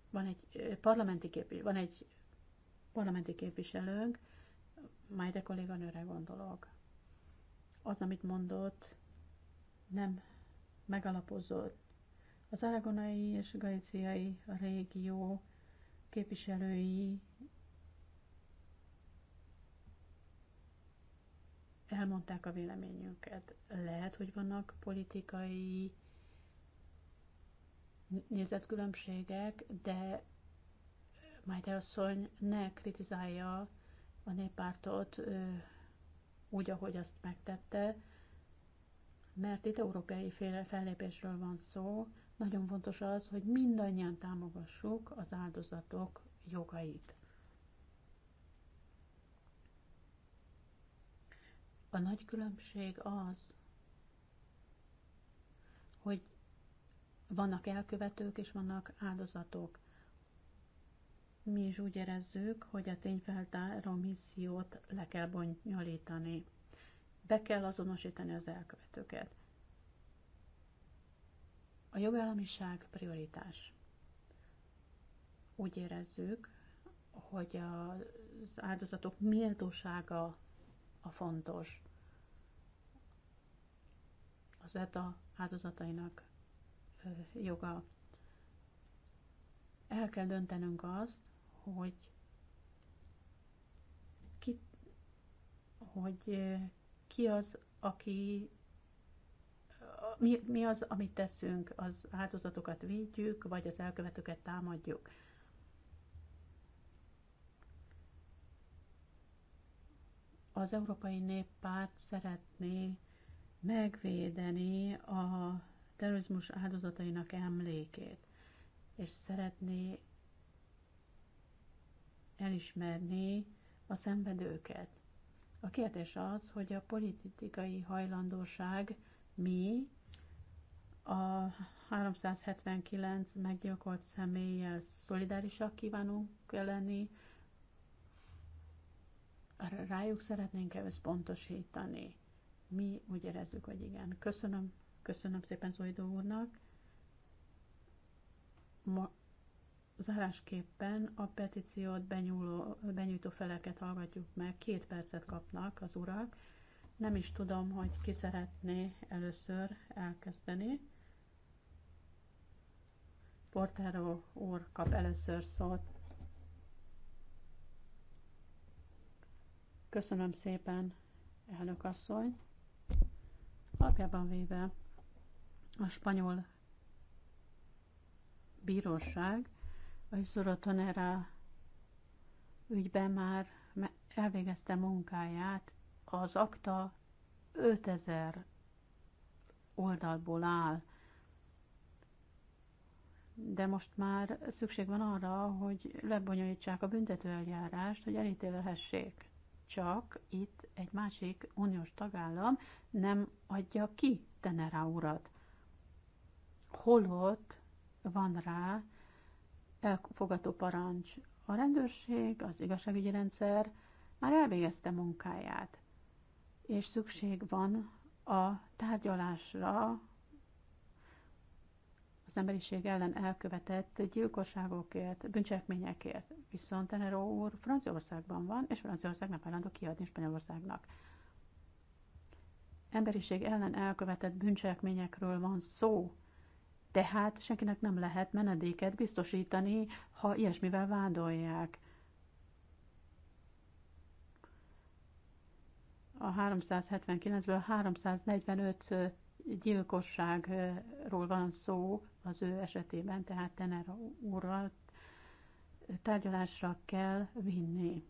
van egy parlamenti képviselő, van egy parlamenti képviselőnk, majd a kolléganőre gondolok. Az, amit mondott, nem megalapozott. Az aragonai és galiciai régió képviselői elmondták a véleményünket. Lehet, hogy vannak politikai nézetkülönbségek, de majd asszony ne kritizálja a néppártot úgy, ahogy azt megtette, mert itt európai fellépésről van szó. Nagyon fontos az, hogy mindannyian támogassuk az áldozatok jogait. A nagy különbség az, hogy vannak elkövetők és vannak áldozatok. Mi is úgy érezzük, hogy a tényfeltáró missziót le kell bonyolítani. Be kell azonosítani az elkövetőket. A jogállamiság prioritás. Úgy érezzük, hogy az áldozatok méltósága a fontos. Az ETA áldozatainak joga. El kell döntenünk azt, hogy ki, hogy ki az, aki mi, mi az, amit teszünk, az áldozatokat védjük, vagy az elkövetőket támadjuk. Az Európai Néppárt szeretné megvédeni a terrorizmus áldozatainak emlékét, és szeretné elismerni a szenvedőket. A kérdés az, hogy a politikai hajlandóság mi a 379 meggyilkolt személlyel szolidárisak kívánunk lenni, rájuk szeretnénk-e összpontosítani? Mi úgy érezzük, hogy igen. Köszönöm, köszönöm szépen Zoidó úrnak. Ma zárásképpen a petíciót benyúló, benyújtó feleket hallgatjuk meg, két percet kapnak az urak. Nem is tudom, hogy ki szeretné először elkezdeni. Portáró úr kap először szót. Köszönöm szépen, elnök asszony. Alapjában véve a spanyol bíróság a Zorotonera ügyben már elvégezte munkáját. Az akta 5000 oldalból áll, de most már szükség van arra, hogy lebonyolítsák a büntetőeljárást, hogy elítélhessék csak itt egy másik uniós tagállam nem adja ki Tenera urat. Holott van rá elfogató parancs. A rendőrség, az igazságügyi rendszer már elvégezte munkáját, és szükség van a tárgyalásra az emberiség ellen elkövetett gyilkosságokért, bűncselekményekért. Viszont Tenero úr Franciaországban van, és Franciaország nem hajlandó kiadni Spanyolországnak. Emberiség ellen elkövetett bűncselekményekről van szó, tehát senkinek nem lehet menedéket biztosítani, ha ilyesmivel vádolják. A 379-ből 345 gyilkosságról van szó az ő esetében, tehát Tener úrral tárgyalásra kell vinni.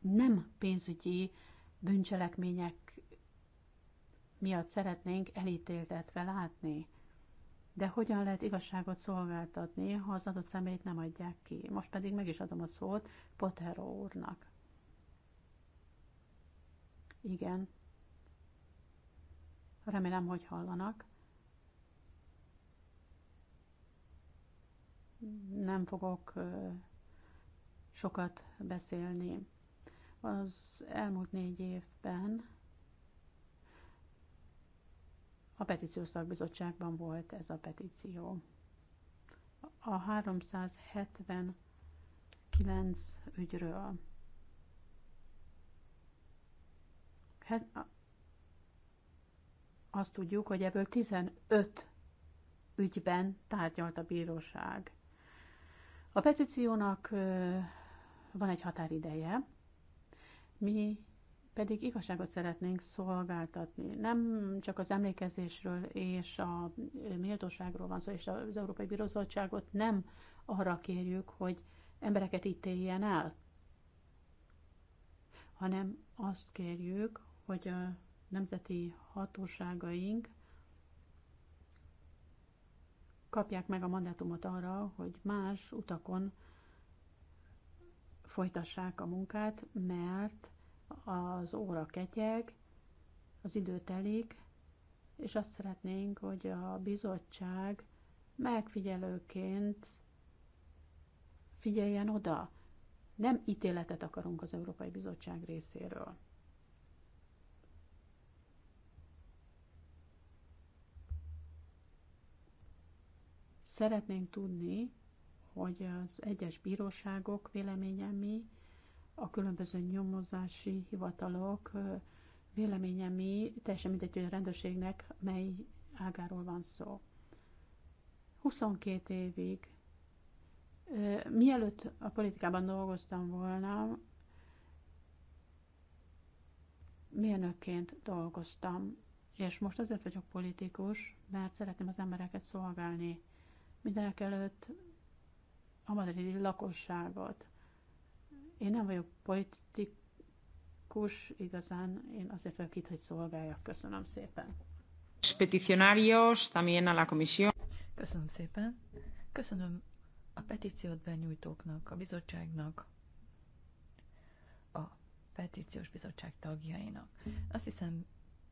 Nem pénzügyi bűncselekmények miatt szeretnénk elítéltetve látni. De hogyan lehet igazságot szolgáltatni, ha az adott személyt nem adják ki? Most pedig meg is adom a szót Potero úrnak. Igen, Remélem, hogy hallanak. Nem fogok sokat beszélni. Az elmúlt négy évben a petíciós szakbizottságban volt ez a petíció. A 379 ügyről. Hát, azt tudjuk, hogy ebből 15 ügyben tárgyalt a bíróság. A petíciónak van egy határideje, mi pedig igazságot szeretnénk szolgáltatni. Nem csak az emlékezésről és a méltóságról van szó, és az Európai Bizottságot nem arra kérjük, hogy embereket ítéljen el, hanem azt kérjük, hogy a nemzeti hatóságaink kapják meg a mandátumot arra, hogy más utakon folytassák a munkát, mert az óra ketyeg, az idő telik, és azt szeretnénk, hogy a bizottság megfigyelőként figyeljen oda. Nem ítéletet akarunk az Európai Bizottság részéről. Szeretnénk tudni, hogy az egyes bíróságok véleménye mi, a különböző nyomozási hivatalok véleménye mi, teljesen mindegy, hogy a rendőrségnek mely ágáról van szó. 22 évig. Mielőtt a politikában dolgoztam volna, mérnökként dolgoztam, és most azért vagyok politikus, mert szeretném az embereket szolgálni. Mindenek előtt a madridi lakosságot. Én nem vagyok politikus, igazán én azért vagyok itt, hogy szolgáljak. Köszönöm szépen. Peticionarios, también a la comisión. Köszönöm szépen. Köszönöm a petíciót benyújtóknak, a bizottságnak, a petíciós bizottság tagjainak. Azt hiszem,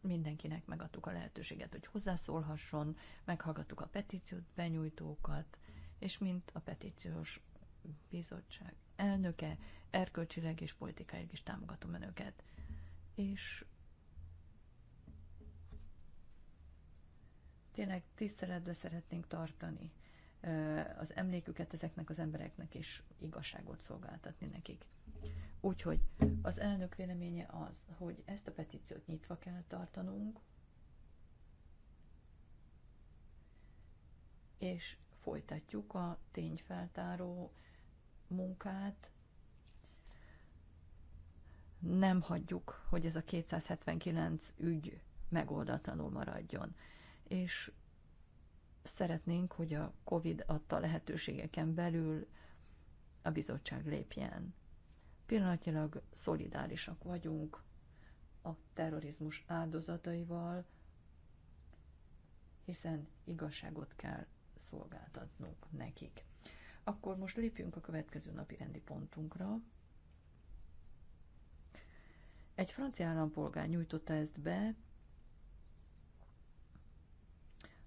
mindenkinek megadtuk a lehetőséget, hogy hozzászólhasson, meghallgattuk a petíciót, benyújtókat, és mint a petíciós bizottság elnöke, erkölcsileg és politikáig is támogatom önöket. És tényleg tiszteletbe szeretnénk tartani az emléküket ezeknek az embereknek, és igazságot szolgáltatni nekik. Úgyhogy az elnök véleménye az, hogy ezt a petíciót nyitva kell tartanunk, és folytatjuk a tényfeltáró munkát. Nem hagyjuk, hogy ez a 279 ügy megoldatlanul maradjon. És szeretnénk, hogy a COVID adta lehetőségeken belül a bizottság lépjen. Pillanatnyilag szolidárisak vagyunk a terrorizmus áldozataival, hiszen igazságot kell szolgáltatnunk nekik. Akkor most lépjünk a következő napi rendi pontunkra. Egy francia állampolgár nyújtotta ezt be,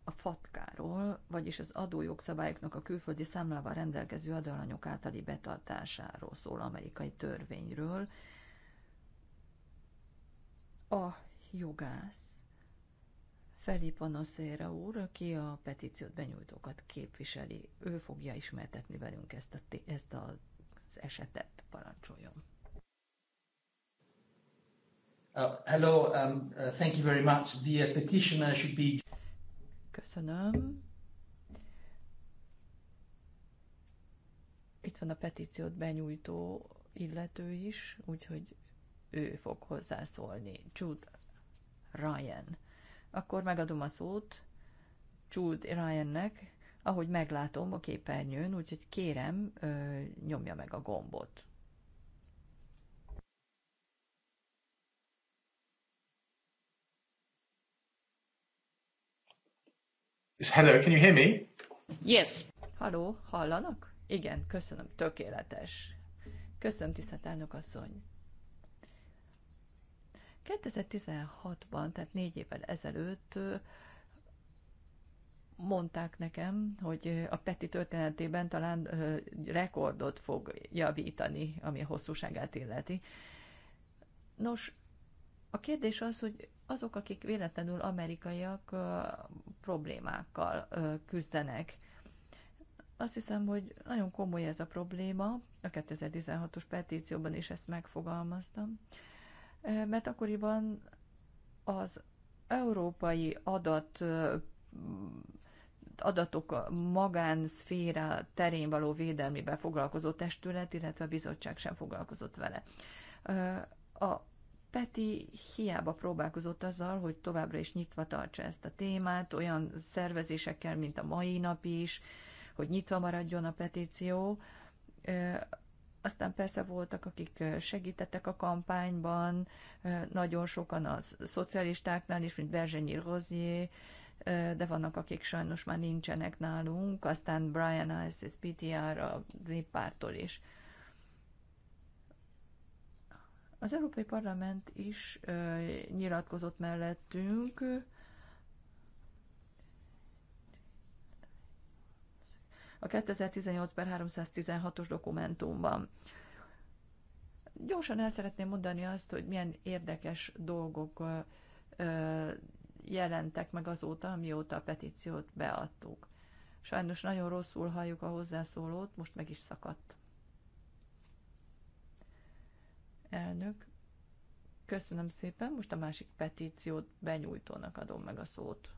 a fatkáról, vagyis az adójogszabályoknak a külföldi számlával rendelkező adalanyok általi betartásáról szól amerikai törvényről. A jogász Felip Anaszéra úr, aki a petíciót benyújtókat képviseli, ő fogja ismertetni velünk ezt, a, ezt az esetet, parancsoljon. Uh, hello, um, uh, thank you very much. The uh, petitioner should be Köszönöm. Itt van a petíciót benyújtó illető is, úgyhogy ő fog hozzászólni. Jude Ryan. Akkor megadom a szót Jude Ryannek, ahogy meglátom a képernyőn, úgyhogy kérem, nyomja meg a gombot. Is hello, can you hear me? Yes. Halló, hallanak? Igen, köszönöm, tökéletes. Köszönöm, tisztelt elnök asszony. 2016-ban, tehát négy évvel ezelőtt mondták nekem, hogy a Peti történetében talán rekordot fog javítani, ami a hosszúságát illeti. Nos, a kérdés az, hogy azok, akik véletlenül amerikaiak problémákkal küzdenek. Azt hiszem, hogy nagyon komoly ez a probléma, a 2016-os petícióban is ezt megfogalmaztam, mert akkoriban az európai adat adatok magánszféra terén való védelmével foglalkozó testület, illetve a bizottság sem foglalkozott vele. A Peti hiába próbálkozott azzal, hogy továbbra is nyitva tartsa ezt a témát, olyan szervezésekkel, mint a mai nap is, hogy nyitva maradjon a petíció. Aztán persze voltak, akik segítettek a kampányban, nagyon sokan a szocialistáknál is, mint Berzsenyi Rozier, de vannak, akik sajnos már nincsenek nálunk, aztán Brian Ice, PTR a néppártól is. Az Európai Parlament is nyilatkozott mellettünk, a 2018 per 316-os dokumentumban. Gyorsan el szeretném mondani azt, hogy milyen érdekes dolgok jelentek meg azóta, amióta a petíciót beadtuk. Sajnos nagyon rosszul halljuk a hozzászólót, most meg is szakadt. Elnök, köszönöm szépen. Most a másik petíciót benyújtónak adom meg a szót.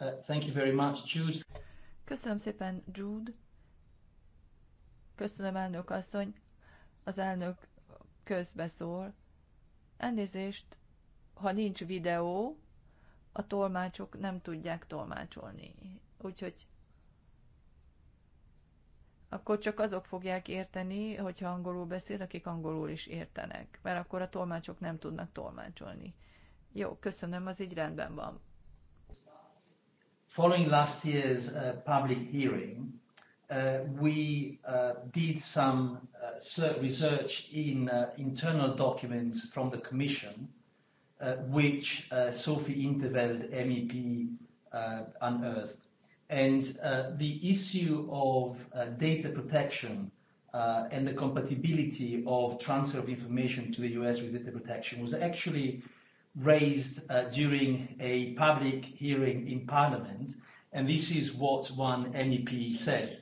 Uh, thank you very much, Jude. Köszönöm szépen, Jude. Köszönöm, elnök asszony. Az elnök közbeszól. Elnézést, ha nincs videó, a tolmácsok nem tudják tolmácsolni Úgyhogy akkor csak azok fogják érteni, hogyha angolul beszél, akik angolul is értenek, mert akkor a tolmácsok nem tudnak tolmácsolni. Jó, köszönöm, az így rendben van. Following last year's uh, public hearing, uh, we uh, did some uh, research in uh, internal documents from the Commission, uh, which uh, Sophie Interveld MEP uh, unearthed and uh, the issue of uh, data protection uh, and the compatibility of transfer of information to the US with data protection was actually raised uh, during a public hearing in Parliament, and this is what one MEP said.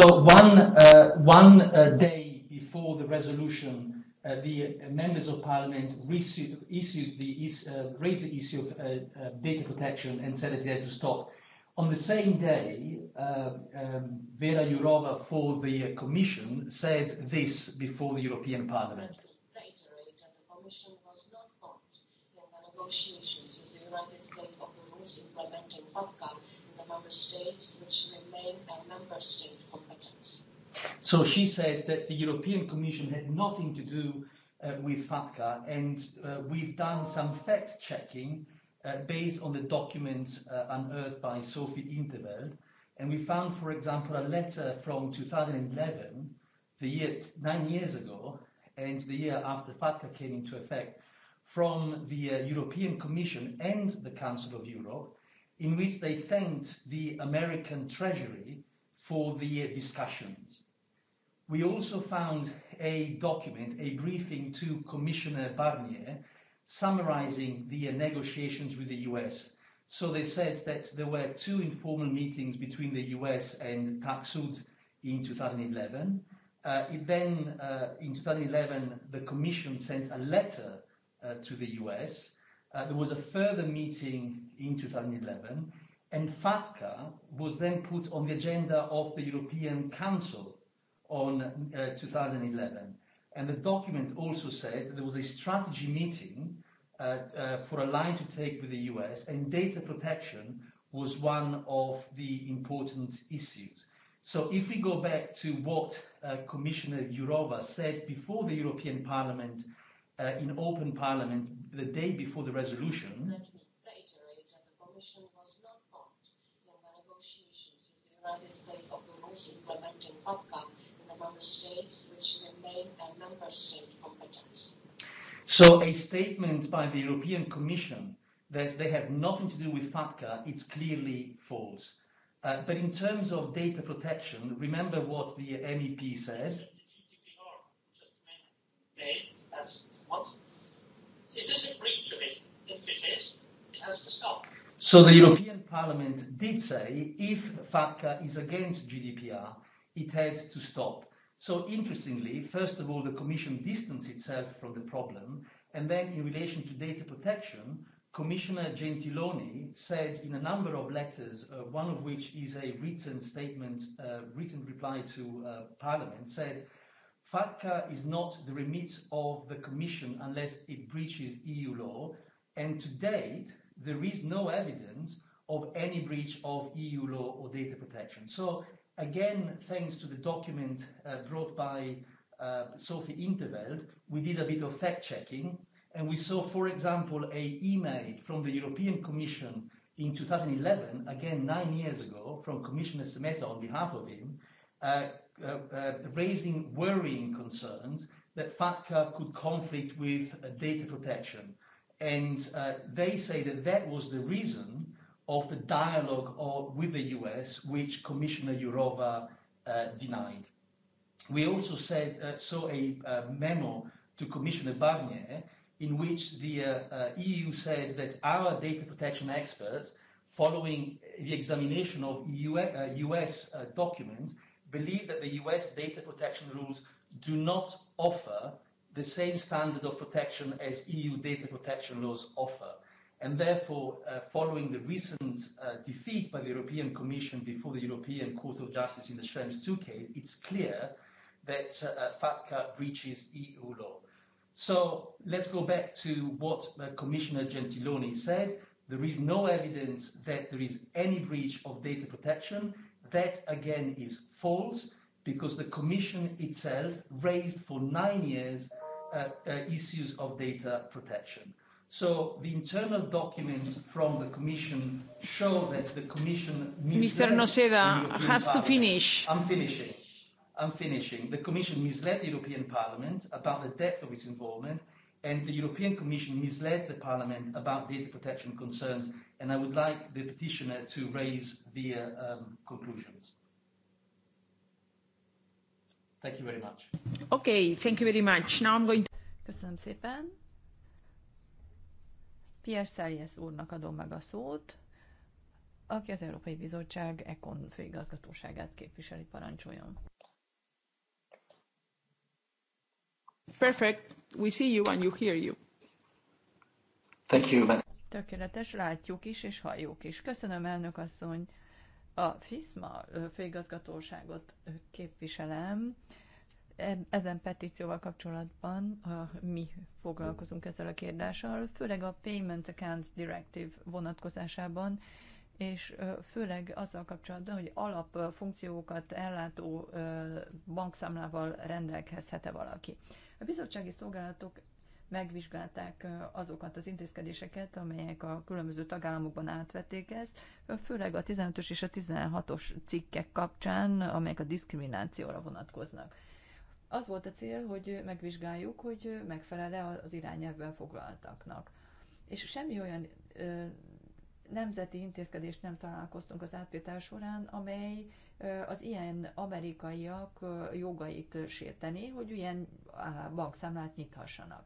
So one, uh, one uh, day before the resolution, uh, the members of parliament issued, issued the, uh, raised the issue of uh, uh, data protection and said that they had to stop. On the same day, uh, um, Vera Jourova for the Commission said this before the European Parliament. Reiterate that the Commission was not involved in the negotiations with the United States of the rules implementing FATCA in the member states, which remain a member state of So she said that the European Commission had nothing to do uh, with FATCA, and uh, we've done some fact checking uh, based on the documents uh, unearthed by Sophie Interveld, and we found, for example, a letter from 2011, the year nine years ago, and the year after FATCA came into effect, from the uh, European Commission and the Council of Europe, in which they thanked the American Treasury for the uh, discussions we also found a document, a briefing to Commissioner Barnier, summarizing the negotiations with the US. So they said that there were two informal meetings between the US and Taksud in 2011. Uh, it then, uh, in 2011, the Commission sent a letter uh, to the US. Uh, there was a further meeting in 2011, and FATCA was then put on the agenda of the European Council on uh, 2011. And the document also says that there was a strategy meeting uh, uh, for a line to take with the US, and data protection was one of the important issues. So if we go back to what uh, Commissioner Jourova said before the European Parliament uh, in open parliament the day before the resolution. Let me reiterate that the Commission was not part in the negotiations with the United States of the rules implementing PAPCA states which remain a member state competence. So a statement by the European Commission that they have nothing to do with FATCA, it's clearly false. Uh, but in terms of data protection, remember what the MEP said. a breach of it. If it is, it has to stop. So the European Parliament did say if FATCA is against GDPR, it had to stop. So interestingly, first of all, the Commission distanced itself from the problem, and then in relation to data protection, Commissioner Gentiloni said in a number of letters, uh, one of which is a written statement, uh, written reply to uh, Parliament, said, FATCA is not the remit of the Commission unless it breaches EU law, and to date, there is no evidence of any breach of EU law or data protection. So again, thanks to the document uh, brought by uh, Sophie Interveld, we did a bit of fact-checking, and we saw, for example, a email from the European Commission in 2011, again nine years ago, from Commissioner Semeta on behalf of him, uh, uh, uh, raising worrying concerns that FATCA could conflict with uh, data protection. And uh, they say that that was the reason of the dialogue of, with the US, which Commissioner Jourova uh, denied. We also said, uh, saw a uh, memo to Commissioner Barnier in which the uh, uh, EU said that our data protection experts, following the examination of EU, uh, US uh, documents, believe that the US data protection rules do not offer the same standard of protection as EU data protection laws offer and therefore, uh, following the recent uh, defeat by the European Commission before the European Court of Justice in the Schrems II case, it's clear that uh, uh FATCA breaches EU law. So let's go back to what uh, Commissioner Gentiloni said. There is no evidence that there is any breach of data protection. That again is false because the Commission itself raised for nine years uh, uh, issues of data protection. So the internal documents from the Commission show that the Commission... Mr. Noceda has to finish. I'm finishing. I'm finishing. The Commission misled the European Parliament about the depth of its involvement, and the European Commission misled the Parliament about data protection concerns, and I would like the petitioner to raise their um, conclusions. Thank you very much. Okay, thank you very much. Now I'm going to... Köszönöm szépen. Pierre Salies úrnak adom meg a szót, aki az Európai Bizottság Ekon főigazgatóságát képviseli, parancsoljon. Perfect. We see you and you hear you. Thank you. Man. Tökéletes, látjuk is és halljuk is. Köszönöm, elnök asszony. A FISMA főigazgatóságot képviselem, ezen petícióval kapcsolatban a, mi foglalkozunk ezzel a kérdéssel, főleg a Payments Accounts Directive vonatkozásában, és főleg azzal kapcsolatban, hogy alapfunkciókat ellátó bankszámlával rendelkezhet-e valaki. A bizottsági szolgálatok megvizsgálták azokat az intézkedéseket, amelyek a különböző tagállamokban átvették ezt, főleg a 15-ös és a 16-os cikkek kapcsán, amelyek a diszkriminációra vonatkoznak. Az volt a cél, hogy megvizsgáljuk, hogy megfelele az irányelvben foglaltaknak. És semmi olyan ö, nemzeti intézkedést nem találkoztunk az átvétel során, amely az ilyen amerikaiak jogait sérteni, hogy ilyen bankszámlát nyithassanak.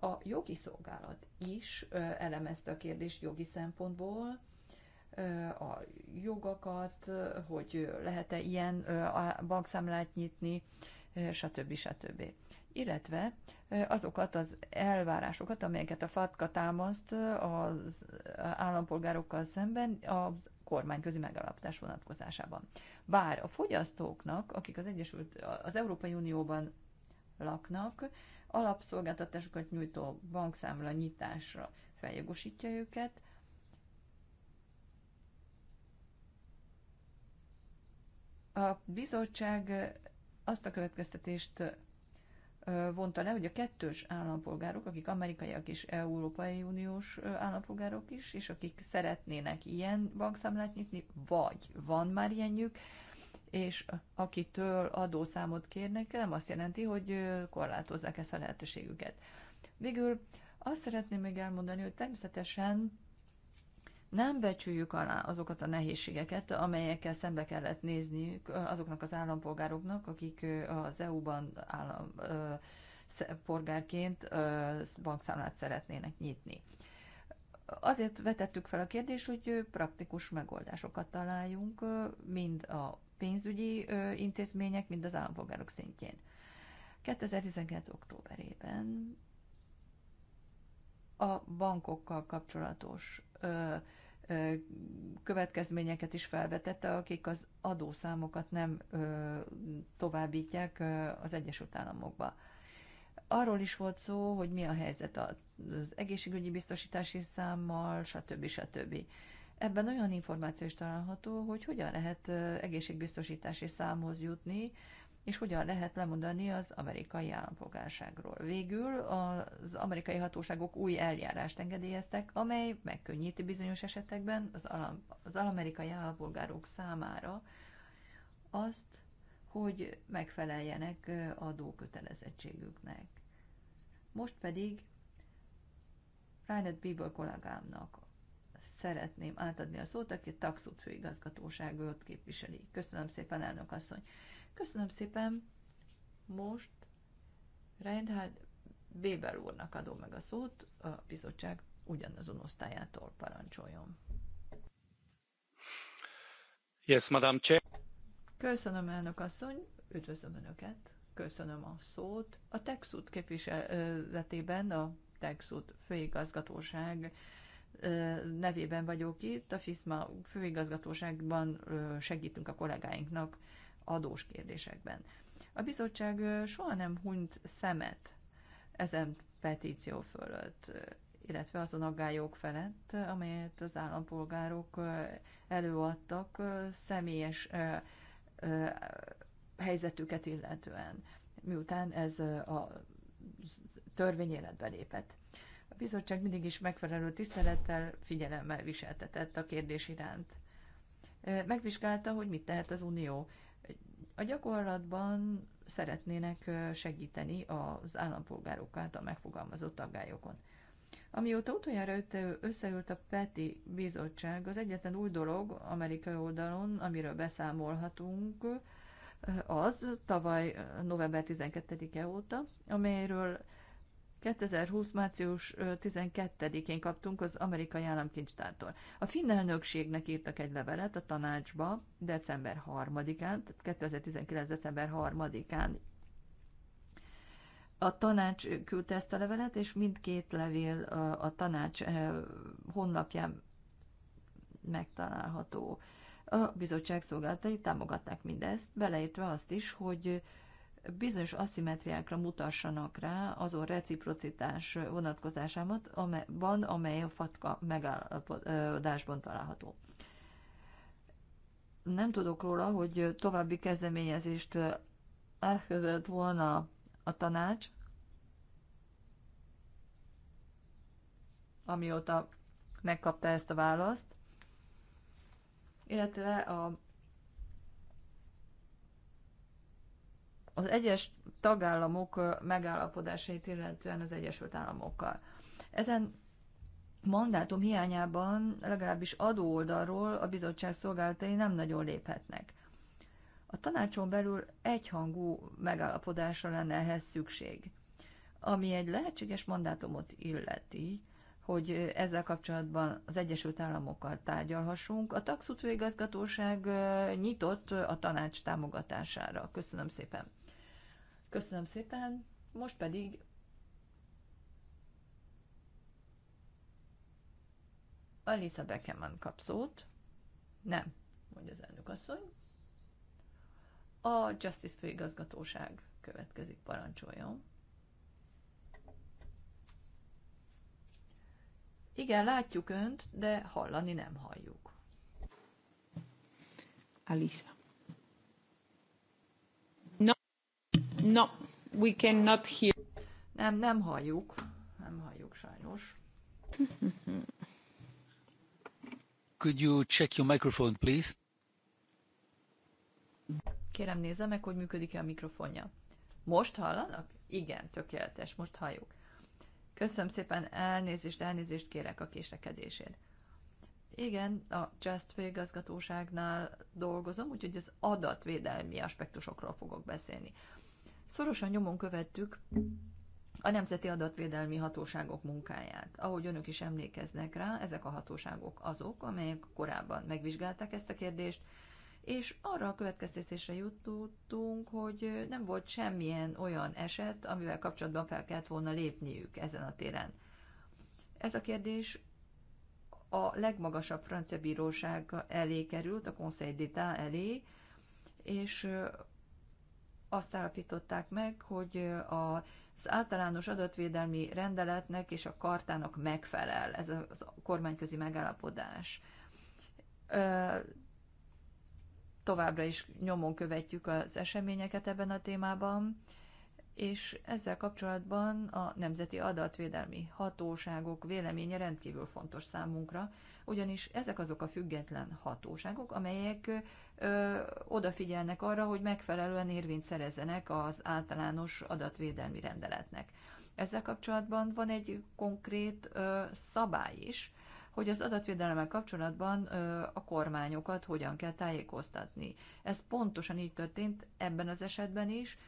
A jogi szolgálat is elemezte a kérdést jogi szempontból, a jogokat, hogy lehet-e ilyen bankszámlát nyitni, stb. stb. Illetve azokat az elvárásokat, amelyeket a FATKA támaszt az állampolgárokkal szemben a kormányközi megállapodás vonatkozásában. Bár a fogyasztóknak, akik az, Egyesült, az Európai Unióban laknak, alapszolgáltatásokat nyújtó bankszámla nyitásra feljogosítja őket, A bizottság azt a következtetést vonta le, hogy a kettős állampolgárok, akik amerikaiak és Európai Uniós állampolgárok is, és akik szeretnének ilyen bankszámlát nyitni, vagy van már ilyenjük, és akitől adószámot kérnek, nem azt jelenti, hogy korlátozzák ezt a lehetőségüket. Végül azt szeretném még elmondani, hogy természetesen nem becsüljük alá azokat a nehézségeket, amelyekkel szembe kellett nézniük azoknak az állampolgároknak, akik az EU-ban állam, polgárként bankszámlát szeretnének nyitni. Azért vetettük fel a kérdést, hogy praktikus megoldásokat találjunk mind a pénzügyi intézmények, mind az állampolgárok szintjén. 2019. októberében a bankokkal kapcsolatos következményeket is felvetette, akik az adószámokat nem továbbítják az Egyesült Államokba. Arról is volt szó, hogy mi a helyzet az egészségügyi biztosítási számmal, stb. stb. Ebben olyan információ is található, hogy hogyan lehet egészségbiztosítási számhoz jutni, és hogyan lehet lemondani az amerikai állampolgárságról. Végül az amerikai hatóságok új eljárást engedélyeztek, amely megkönnyíti bizonyos esetekben az, alam, az amerikai állampolgárok számára azt, hogy megfeleljenek adókötelezettségüknek. Most pedig Reinhard Bieber kollégámnak szeretném átadni a szót, aki a Taxut főigazgatóságot képviseli. Köszönöm szépen, elnök asszony! Köszönöm szépen. Most Reinhard Weber úrnak adom meg a szót, a bizottság ugyanazon osztályától parancsoljon. Yes, Madam Chair. Köszönöm, elnök asszony, üdvözlöm Önöket, köszönöm a szót. A Texut képviseletében a Texut főigazgatóság nevében vagyok itt. A FISMA főigazgatóságban segítünk a kollégáinknak adós kérdésekben. A bizottság soha nem hunyt szemet ezen petíció fölött, illetve azon aggályok felett, amelyet az állampolgárok előadtak személyes helyzetüket illetően, miután ez a törvény életbe lépett. A bizottság mindig is megfelelő tisztelettel, figyelemmel viseltetett a kérdés iránt. Megvizsgálta, hogy mit tehet az Unió a gyakorlatban szeretnének segíteni az állampolgárok által megfogalmazott aggályokon. Amióta utoljára összeült a PETI bizottság, az egyetlen új dolog amerikai oldalon, amiről beszámolhatunk, az tavaly november 12-e óta, amelyről 2020. március 12-én kaptunk az amerikai államkincstártól. A finn elnökségnek írtak egy levelet a tanácsba december 3-án, tehát 2019. december 3-án a tanács küldte ezt a levelet, és mindkét levél a tanács honlapján megtalálható. A bizottság szolgálatai támogatták mindezt, beleértve azt is, hogy bizonyos aszimetriákra mutassanak rá azon reciprocitás vonatkozásában, amely, amely a FATKA megállapodásban található. Nem tudok róla, hogy további kezdeményezést elkezdett eh, volna a tanács, amióta megkapta ezt a választ, illetve a az egyes tagállamok megállapodásait illetően az Egyesült Államokkal. Ezen mandátum hiányában legalábbis adó oldalról a bizottság szolgálatai nem nagyon léphetnek. A tanácson belül egyhangú megállapodásra lenne ehhez szükség, ami egy lehetséges mandátumot illeti, hogy ezzel kapcsolatban az Egyesült Államokkal tárgyalhassunk. A taxutvégazgatóság nyitott a tanács támogatására. Köszönöm szépen. Köszönöm szépen, most pedig Alisa Beckerman kap szót. Nem, mondja az elnök asszony. A Justice Főigazgatóság következik, parancsoljon. Igen, látjuk önt, de hallani nem halljuk. Alisa. No, we cannot hear. Nem, nem halljuk. Nem halljuk sajnos. Could you check your microphone, please? Kérem nézze meg, hogy működik-e a mikrofonja. Most hallanak? Igen, tökéletes, most halljuk. Köszönöm szépen, elnézést, elnézést kérek a késlekedésért. Igen, a Just főigazgatóságnál dolgozom, úgyhogy az adatvédelmi aspektusokról fogok beszélni. Szorosan nyomon követtük a Nemzeti Adatvédelmi Hatóságok munkáját. Ahogy önök is emlékeznek rá, ezek a hatóságok azok, amelyek korábban megvizsgálták ezt a kérdést, és arra a következtetésre jutottunk, hogy nem volt semmilyen olyan eset, amivel kapcsolatban fel kellett volna lépniük ezen a téren. Ez a kérdés a legmagasabb francia bíróság elé került, a Conseil d'État elé, és azt állapították meg, hogy az általános adatvédelmi rendeletnek és a kartának megfelel ez a kormányközi megállapodás. Továbbra is nyomon követjük az eseményeket ebben a témában és ezzel kapcsolatban a Nemzeti Adatvédelmi Hatóságok véleménye rendkívül fontos számunkra, ugyanis ezek azok a független hatóságok, amelyek ö, odafigyelnek arra, hogy megfelelően érvényt szerezzenek az általános adatvédelmi rendeletnek. Ezzel kapcsolatban van egy konkrét ö, szabály is, hogy az adatvédelemmel kapcsolatban ö, a kormányokat hogyan kell tájékoztatni. Ez pontosan így történt ebben az esetben is,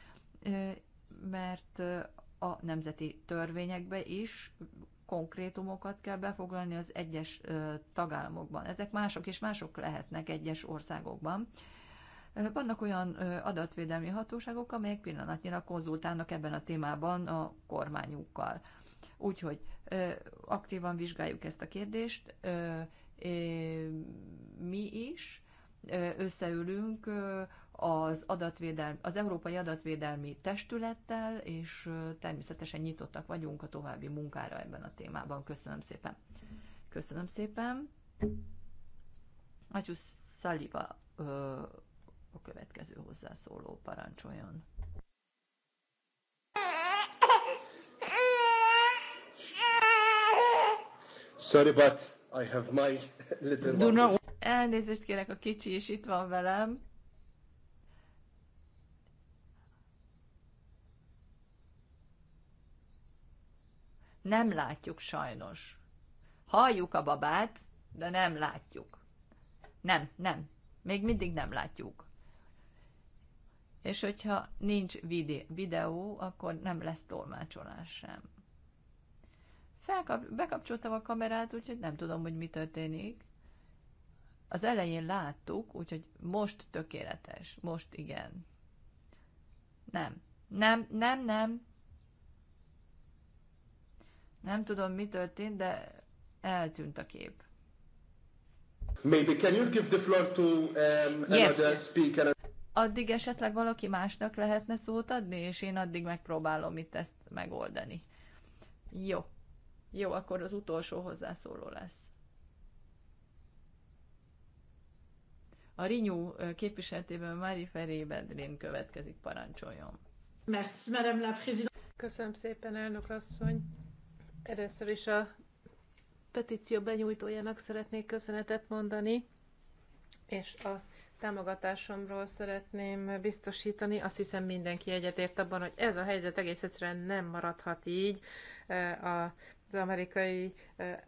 mert a nemzeti törvényekbe is konkrétumokat kell befoglalni az egyes tagállamokban. Ezek mások és mások lehetnek egyes országokban. Vannak olyan adatvédelmi hatóságok, amelyek pillanatnyilag konzultálnak ebben a témában a kormányukkal. Úgyhogy aktívan vizsgáljuk ezt a kérdést. Mi is összeülünk az, adatvédelmi, az Európai Adatvédelmi Testülettel, és természetesen nyitottak vagyunk a további munkára ebben a témában. Köszönöm szépen. Köszönöm szépen. Atyus Szaliba a következő hozzászóló parancsoljon. Sorry, but I have my little one. Elnézést kérek, a kicsi is itt van velem. nem látjuk sajnos. Halljuk a babát, de nem látjuk. Nem, nem, még mindig nem látjuk. És hogyha nincs videó, akkor nem lesz tolmácsolás sem. Felkap, bekapcsoltam a kamerát, úgyhogy nem tudom, hogy mi történik. Az elején láttuk, úgyhogy most tökéletes. Most igen. Nem. Nem, nem, nem. Nem tudom, mi történt, de eltűnt a kép. Maybe can you give the floor to um, another yes. speaker? Addig esetleg valaki másnak lehetne szót adni, és én addig megpróbálom itt ezt megoldani. Jó. Jó, akkor az utolsó hozzászóló lesz. A Rinyú képviseltében Mari Feré Bedrin következik, parancsoljon. Köszönöm szépen, elnök asszony. Először is a petíció benyújtójának szeretnék köszönetet mondani, és a támogatásomról szeretném biztosítani. Azt hiszem mindenki egyetért abban, hogy ez a helyzet egész egyszerűen nem maradhat így. Az amerikai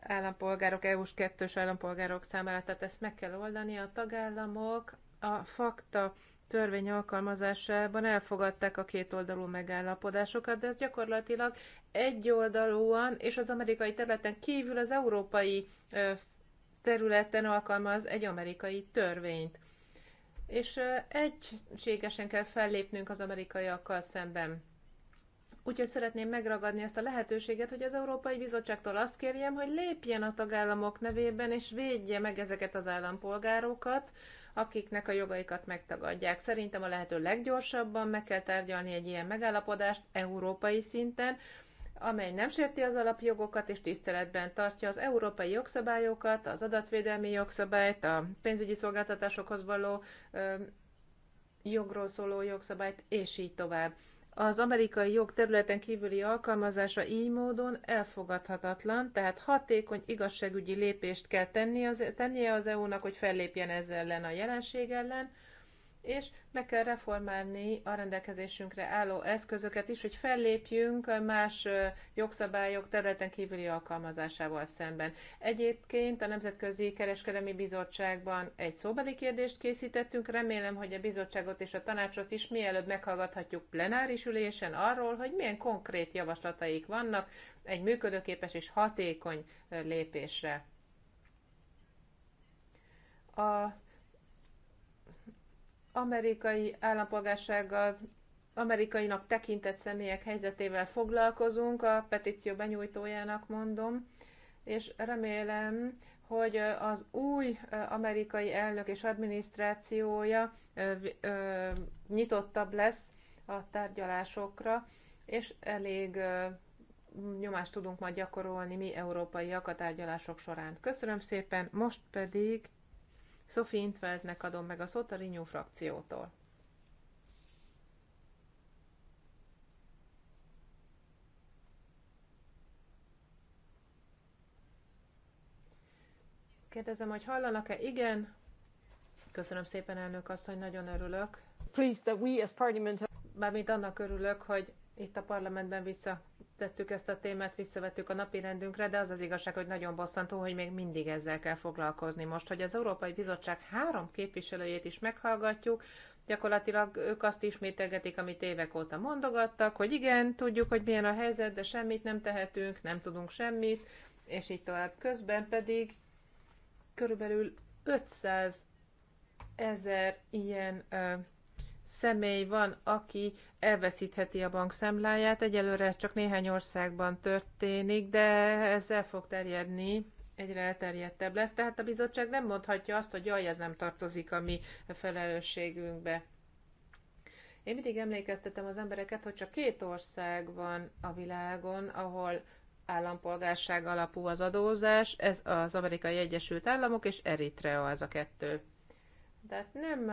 állampolgárok, EU-s kettős állampolgárok számára, tehát ezt meg kell oldani. A tagállamok a fakta törvény alkalmazásában elfogadták a kétoldalú megállapodásokat, de ez gyakorlatilag egyoldalúan és az amerikai területen kívül az európai területen alkalmaz egy amerikai törvényt. És egységesen kell fellépnünk az amerikaiakkal szemben. Úgyhogy szeretném megragadni ezt a lehetőséget, hogy az Európai Bizottságtól azt kérjem, hogy lépjen a tagállamok nevében, és védje meg ezeket az állampolgárokat, akiknek a jogaikat megtagadják. Szerintem a lehető leggyorsabban meg kell tárgyalni egy ilyen megállapodást európai szinten, amely nem sérti az alapjogokat és tiszteletben tartja az európai jogszabályokat, az adatvédelmi jogszabályt, a pénzügyi szolgáltatásokhoz való ö, jogról szóló jogszabályt, és így tovább az amerikai jog területen kívüli alkalmazása így módon elfogadhatatlan, tehát hatékony igazságügyi lépést kell tennie az, EU-nak, hogy fellépjen ezzel ellen a jelenség ellen, és meg kell reformálni a rendelkezésünkre álló eszközöket is, hogy fellépjünk más jogszabályok területen kívüli alkalmazásával szemben. Egyébként a Nemzetközi Kereskedelmi Bizottságban egy szóbeli kérdést készítettünk, remélem, hogy a bizottságot és a tanácsot is mielőbb meghallgathatjuk plenáris ülésen arról, hogy milyen konkrét javaslataik vannak egy működőképes és hatékony lépésre. A amerikai állampolgársággal amerikainak tekintett személyek helyzetével foglalkozunk, a petíció benyújtójának mondom, és remélem, hogy az új amerikai elnök és adminisztrációja nyitottabb lesz a tárgyalásokra, és elég nyomást tudunk majd gyakorolni mi európaiak a tárgyalások során. Köszönöm szépen, most pedig Sophie Intveldnek adom meg a szót a Renew frakciótól. Kérdezem, hogy hallanak-e? Igen. Köszönöm szépen, elnök asszony, nagyon örülök. Please, that we as parliament... Mármint annak örülök, hogy itt a parlamentben vissza tettük ezt a témát, visszavettük a napi rendünkre, de az az igazság, hogy nagyon bosszantó, hogy még mindig ezzel kell foglalkozni most, hogy az Európai Bizottság három képviselőjét is meghallgatjuk, gyakorlatilag ők azt ismételgetik, amit évek óta mondogattak, hogy igen, tudjuk, hogy milyen a helyzet, de semmit nem tehetünk, nem tudunk semmit, és így tovább. Közben pedig körülbelül 500 ezer ilyen ö, személy van, aki elveszítheti a bankszámláját. Egyelőre ez csak néhány országban történik, de ez el fog terjedni, egyre elterjedtebb lesz. Tehát a bizottság nem mondhatja azt, hogy jaj, ez nem tartozik a mi felelősségünkbe. Én mindig emlékeztetem az embereket, hogy csak két ország van a világon, ahol állampolgárság alapú az adózás, ez az Amerikai Egyesült Államok és Eritrea az a kettő. Tehát nem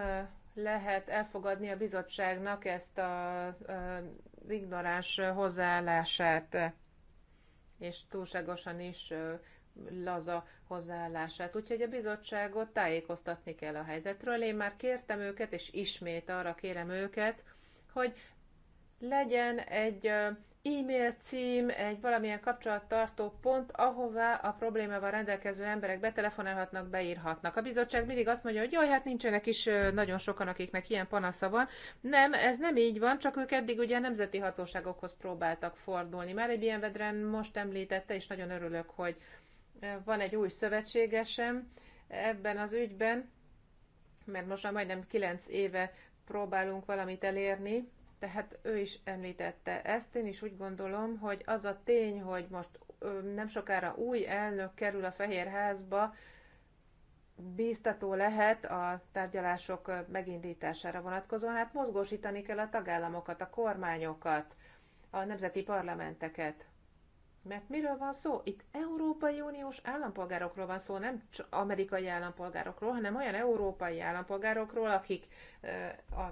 lehet elfogadni a bizottságnak ezt a, az ignoráns hozzáállását, és túlságosan is laza hozzáállását. Úgyhogy a bizottságot tájékoztatni kell a helyzetről. Én már kértem őket, és ismét arra kérem őket, hogy legyen egy e-mail cím, egy valamilyen kapcsolattartó pont, ahová a problémával rendelkező emberek betelefonálhatnak, beírhatnak. A bizottság mindig azt mondja, hogy jaj, hát nincsenek is nagyon sokan, akiknek ilyen panasza van. Nem, ez nem így van, csak ők eddig ugye a nemzeti hatóságokhoz próbáltak fordulni. Már egy ilyen vedren most említette, és nagyon örülök, hogy van egy új szövetségesem ebben az ügyben, mert most már majdnem kilenc éve próbálunk valamit elérni tehát ő is említette ezt. Én is úgy gondolom, hogy az a tény, hogy most nem sokára új elnök kerül a Fehér Házba, bíztató lehet a tárgyalások megindítására vonatkozóan. Hát mozgósítani kell a tagállamokat, a kormányokat, a nemzeti parlamenteket. Mert miről van szó? Itt Európai Uniós állampolgárokról van szó, nem amerikai állampolgárokról, hanem olyan európai állampolgárokról, akik a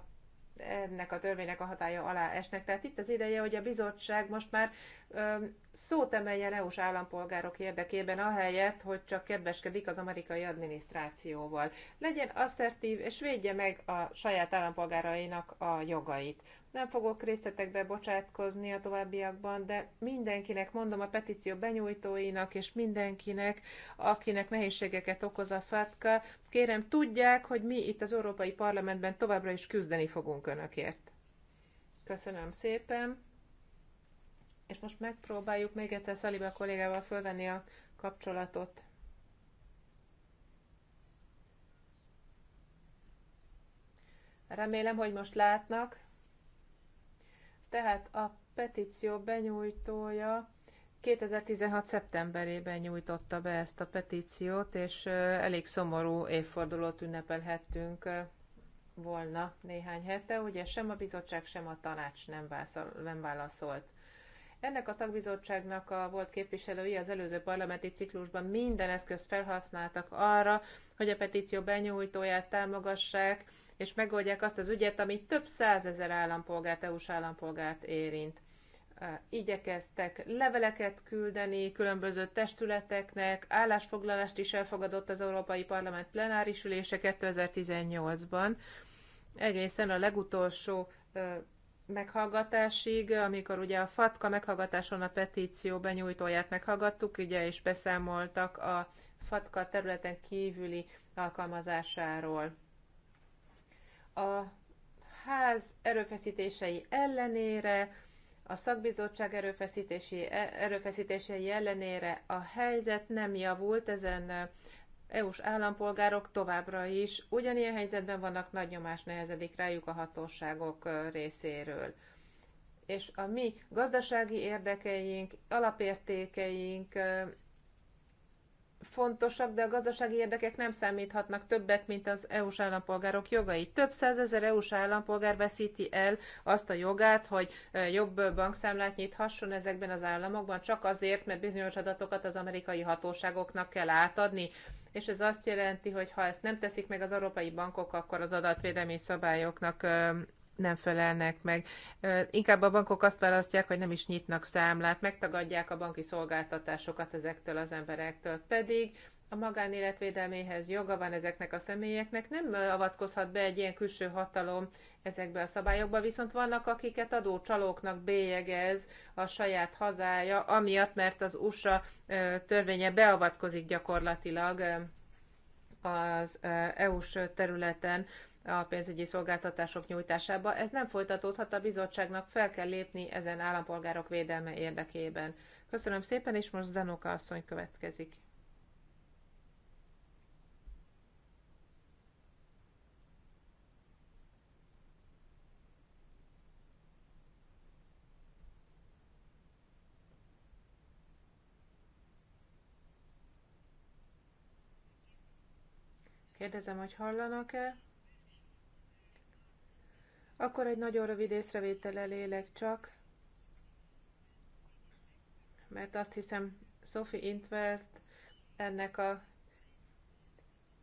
ennek a törvénynek a hatája alá esnek. Tehát itt az ideje, hogy a bizottság most már öm, szót emeljen EU-s állampolgárok érdekében, ahelyett, hogy csak kedveskedik az amerikai adminisztrációval. Legyen asszertív, és védje meg a saját állampolgárainak a jogait. Nem fogok részletekbe bocsátkozni a továbbiakban, de mindenkinek, mondom a petíció benyújtóinak és mindenkinek, akinek nehézségeket okoz a FATKA, kérem tudják, hogy mi itt az Európai Parlamentben továbbra is küzdeni fogunk Önökért. Köszönöm szépen. És most megpróbáljuk még egyszer Szaliba kollégával fölvenni a kapcsolatot. Remélem, hogy most látnak. Tehát a petíció benyújtója 2016. szeptemberében nyújtotta be ezt a petíciót, és elég szomorú évfordulót ünnepelhettünk volna néhány hete, ugye sem a bizottság, sem a tanács nem, válaszol, nem válaszolt. Ennek a szakbizottságnak a volt képviselői az előző parlamenti ciklusban minden eszközt felhasználtak arra, hogy a petíció benyújtóját támogassák, és megoldják azt az ügyet, ami több százezer állampolgárt, EU-s állampolgárt érint. Igyekeztek leveleket küldeni különböző testületeknek, állásfoglalást is elfogadott az Európai Parlament plenáris ülése 2018-ban, egészen a legutolsó meghallgatásig, amikor ugye a FATKA meghallgatáson a petíció benyújtóját meghallgattuk, ugye, és beszámoltak a FATKA területen kívüli alkalmazásáról a ház erőfeszítései ellenére, a szakbizottság erőfeszítési, erőfeszítései ellenére a helyzet nem javult, ezen EU-s állampolgárok továbbra is ugyanilyen helyzetben vannak, nagy nyomás nehezedik rájuk a hatóságok részéről. És a mi gazdasági érdekeink, alapértékeink fontosak, de a gazdasági érdekek nem számíthatnak többet, mint az EU-s állampolgárok jogai. Több százezer EU-s állampolgár veszíti el azt a jogát, hogy eh, jobb bankszámlát nyithasson ezekben az államokban, csak azért, mert bizonyos adatokat az amerikai hatóságoknak kell átadni. És ez azt jelenti, hogy ha ezt nem teszik meg az európai bankok, akkor az adatvédelmi szabályoknak eh, nem felelnek meg. Inkább a bankok azt választják, hogy nem is nyitnak számlát, megtagadják a banki szolgáltatásokat ezektől az emberektől. Pedig a magánéletvédelméhez joga van ezeknek a személyeknek, nem avatkozhat be egy ilyen külső hatalom ezekbe a szabályokba, viszont vannak, akiket adócsalóknak bélyegez a saját hazája, amiatt, mert az USA törvénye beavatkozik gyakorlatilag az EU-s területen a pénzügyi szolgáltatások nyújtásába. Ez nem folytatódhat, a bizottságnak fel kell lépni ezen állampolgárok védelme érdekében. Köszönöm szépen, és most Zanoka asszony következik. Kérdezem, hogy hallanak-e? Akkor egy nagyon rövid észrevétellel élek csak, mert azt hiszem Sophie Intvert ennek a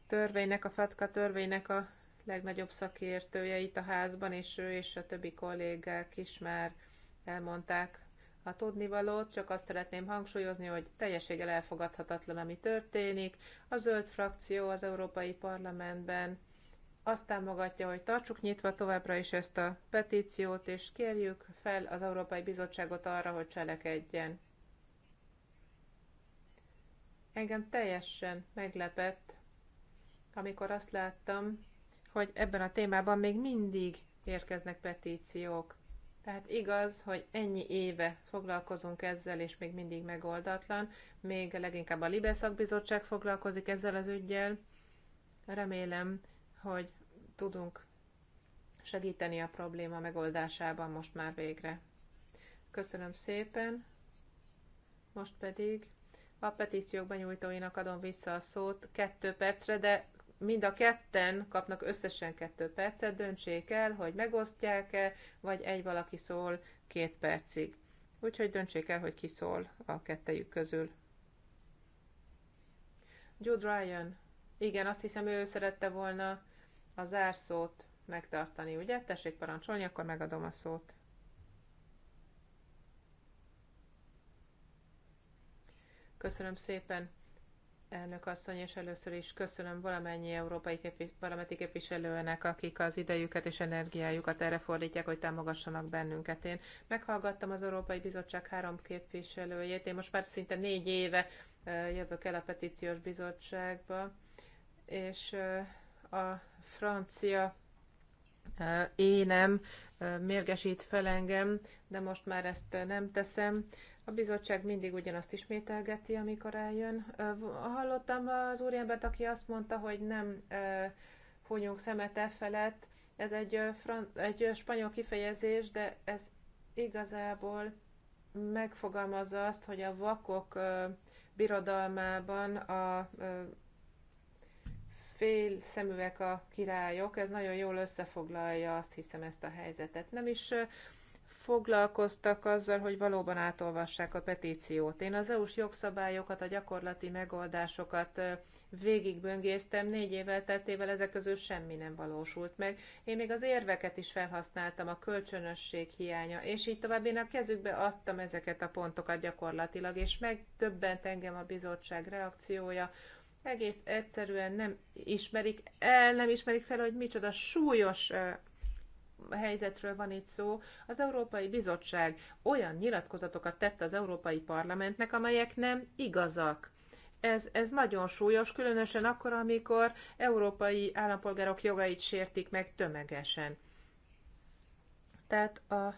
törvénynek, a FATKA törvénynek a legnagyobb szakértője itt a házban, és ő és a többi kollégák is már elmondták a tudnivalót, csak azt szeretném hangsúlyozni, hogy teljességgel elfogadhatatlan, ami történik. A zöld frakció az Európai Parlamentben azt támogatja, hogy tartsuk nyitva továbbra is ezt a petíciót, és kérjük fel az Európai Bizottságot arra, hogy cselekedjen. Engem teljesen meglepett, amikor azt láttam, hogy ebben a témában még mindig érkeznek petíciók. Tehát igaz, hogy ennyi éve foglalkozunk ezzel, és még mindig megoldatlan. Még leginkább a Libeszakbizottság foglalkozik ezzel az ügyjel. Remélem, hogy tudunk segíteni a probléma megoldásában most már végre. Köszönöm szépen, most pedig a petíciók benyújtóinak adom vissza a szót kettő percre, de mind a ketten kapnak összesen kettő percet, döntsék el, hogy megosztják-e, vagy egy valaki szól két percig. Úgyhogy döntsék el, hogy ki szól a kettejük közül. Jude Ryan. Igen, azt hiszem ő szerette volna a zárszót megtartani, ugye? Tessék parancsolni, akkor megadom a szót. Köszönöm szépen, elnök asszony, és először is köszönöm valamennyi európai képvis- parlamenti képviselőnek, akik az idejüket és energiájukat erre fordítják, hogy támogassanak bennünket. Én meghallgattam az Európai Bizottság három képviselőjét, én most már szinte négy éve jövök el a petíciós bizottságba, és a francia énem mérgesít fel engem, de most már ezt nem teszem. A bizottság mindig ugyanazt ismételgeti, amikor eljön. Hallottam az úriembert, aki azt mondta, hogy nem hunyunk szemet e felett. Ez egy, fran- egy spanyol kifejezés, de ez igazából megfogalmazza azt, hogy a vakok birodalmában a fél szeműek a királyok, ez nagyon jól összefoglalja azt hiszem ezt a helyzetet. Nem is foglalkoztak azzal, hogy valóban átolvassák a petíciót. Én az EU-s jogszabályokat, a gyakorlati megoldásokat végigböngésztem, négy évvel tettével ezek közül semmi nem valósult meg. Én még az érveket is felhasználtam, a kölcsönösség hiánya, és így tovább én a kezükbe adtam ezeket a pontokat gyakorlatilag, és megdöbbent engem a bizottság reakciója, egész egyszerűen nem ismerik el, nem ismerik fel, hogy micsoda súlyos helyzetről van itt szó. Az Európai Bizottság olyan nyilatkozatokat tett az Európai Parlamentnek, amelyek nem igazak. Ez, ez nagyon súlyos, különösen akkor, amikor európai állampolgárok jogait sértik meg tömegesen. Tehát a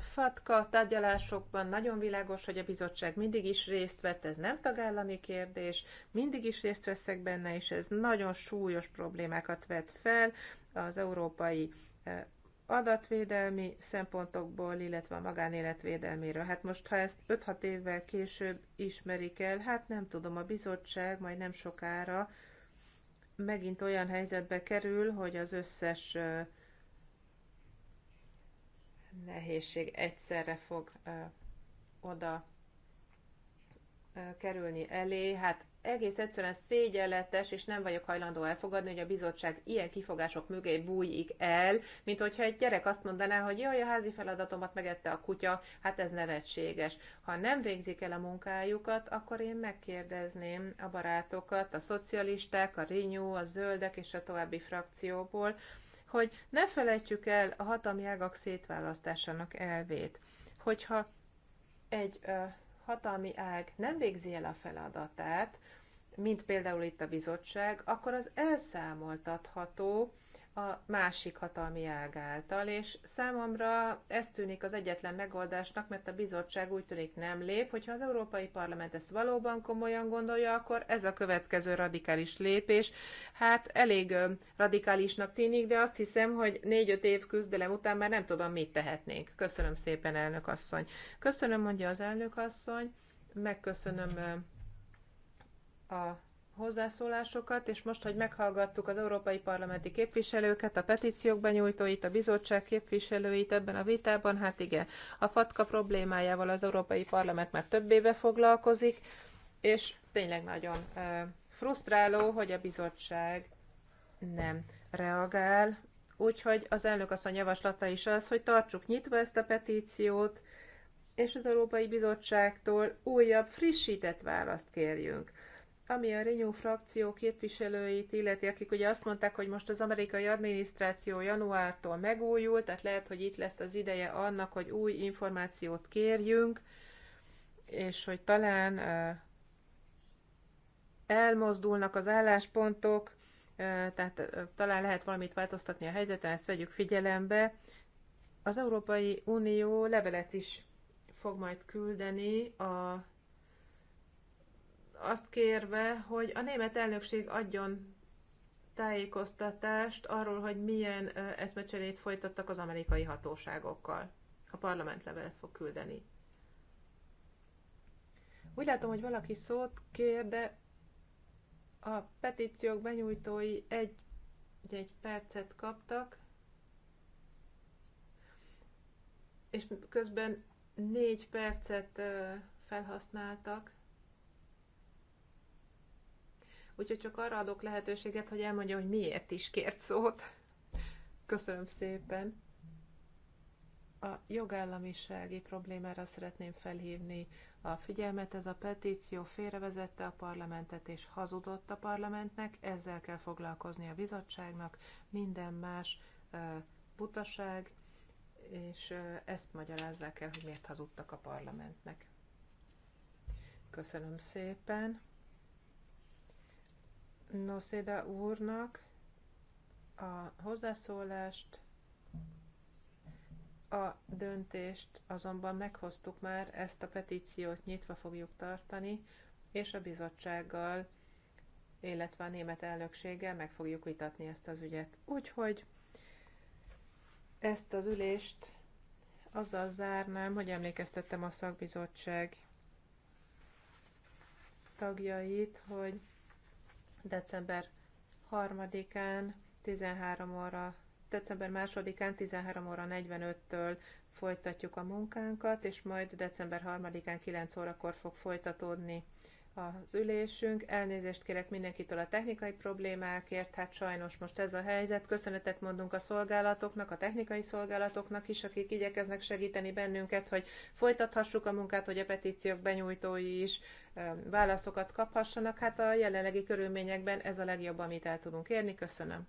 FATKA tárgyalásokban nagyon világos, hogy a bizottság mindig is részt vett, ez nem tagállami kérdés, mindig is részt veszek benne, és ez nagyon súlyos problémákat vet fel az európai adatvédelmi szempontokból, illetve a magánéletvédelméről. Hát most, ha ezt 5-6 évvel később ismerik el, hát nem tudom, a bizottság majd nem sokára megint olyan helyzetbe kerül, hogy az összes nehézség egyszerre fog ö, oda ö, kerülni elé. Hát egész egyszerűen szégyeletes, és nem vagyok hajlandó elfogadni, hogy a bizottság ilyen kifogások mögé bújik el, mint hogyha egy gyerek azt mondaná, hogy jaj, a házi feladatomat megette a kutya, hát ez nevetséges. Ha nem végzik el a munkájukat, akkor én megkérdezném a barátokat, a szocialisták, a Rinyó, a zöldek és a további frakcióból, hogy ne felejtsük el a hatalmi ágak szétválasztásának elvét. Hogyha egy ö, hatalmi ág nem végzi el a feladatát, mint például itt a bizottság, akkor az elszámoltatható, a másik hatalmi ág által, és számomra ez tűnik az egyetlen megoldásnak, mert a bizottság úgy tűnik nem lép, hogyha az Európai Parlament ezt valóban komolyan gondolja, akkor ez a következő radikális lépés. Hát elég radikálisnak tűnik, de azt hiszem, hogy négy-öt év küzdelem után már nem tudom, mit tehetnénk. Köszönöm szépen, elnök asszony. Köszönöm, mondja az elnök asszony. Megköszönöm a hozzászólásokat, és most, hogy meghallgattuk az európai parlamenti képviselőket, a petíciók benyújtóit, a bizottság képviselőit ebben a vitában, hát igen, a FATKA problémájával az európai parlament már több éve foglalkozik, és tényleg nagyon frusztráló, hogy a bizottság nem reagál. Úgyhogy az elnök asszony javaslata is az, hogy tartsuk nyitva ezt a petíciót, és az Európai Bizottságtól újabb, frissített választ kérjünk. Ami a Renew frakció képviselőit illeti, akik ugye azt mondták, hogy most az amerikai adminisztráció januártól megújult, tehát lehet, hogy itt lesz az ideje annak, hogy új információt kérjünk, és hogy talán elmozdulnak az álláspontok, tehát talán lehet valamit változtatni a helyzeten, ezt vegyük figyelembe. Az Európai Unió levelet is fog majd küldeni a azt kérve, hogy a német elnökség adjon tájékoztatást arról, hogy milyen eszmecserét folytattak az amerikai hatóságokkal. A parlament levelet fog küldeni. Úgy látom, hogy valaki szót kér, de a petíciók benyújtói egy, egy percet kaptak, és közben négy percet felhasználtak úgyhogy csak arra adok lehetőséget, hogy elmondja, hogy miért is kért szót. Köszönöm szépen. A jogállamisági problémára szeretném felhívni a figyelmet. Ez a petíció félrevezette a parlamentet és hazudott a parlamentnek. Ezzel kell foglalkozni a bizottságnak. Minden más butaság, és ezt magyarázzák el, hogy miért hazudtak a parlamentnek. Köszönöm szépen. Noszéda úrnak a hozzászólást, a döntést azonban meghoztuk már, ezt a petíciót nyitva fogjuk tartani, és a bizottsággal, illetve a német elnökséggel meg fogjuk vitatni ezt az ügyet. Úgyhogy ezt az ülést azzal zárnám, hogy emlékeztettem a szakbizottság tagjait, hogy december 3-án 13 óra, december 2-án 13 óra 45-től folytatjuk a munkánkat, és majd december 3-án 9 órakor fog folytatódni az ülésünk. Elnézést kérek mindenkitől a technikai problémákért, hát sajnos most ez a helyzet. Köszönetet mondunk a szolgálatoknak, a technikai szolgálatoknak is, akik igyekeznek segíteni bennünket, hogy folytathassuk a munkát, hogy a petíciók benyújtói is válaszokat kaphassanak. Hát a jelenlegi körülményekben ez a legjobb, amit el tudunk érni. Köszönöm.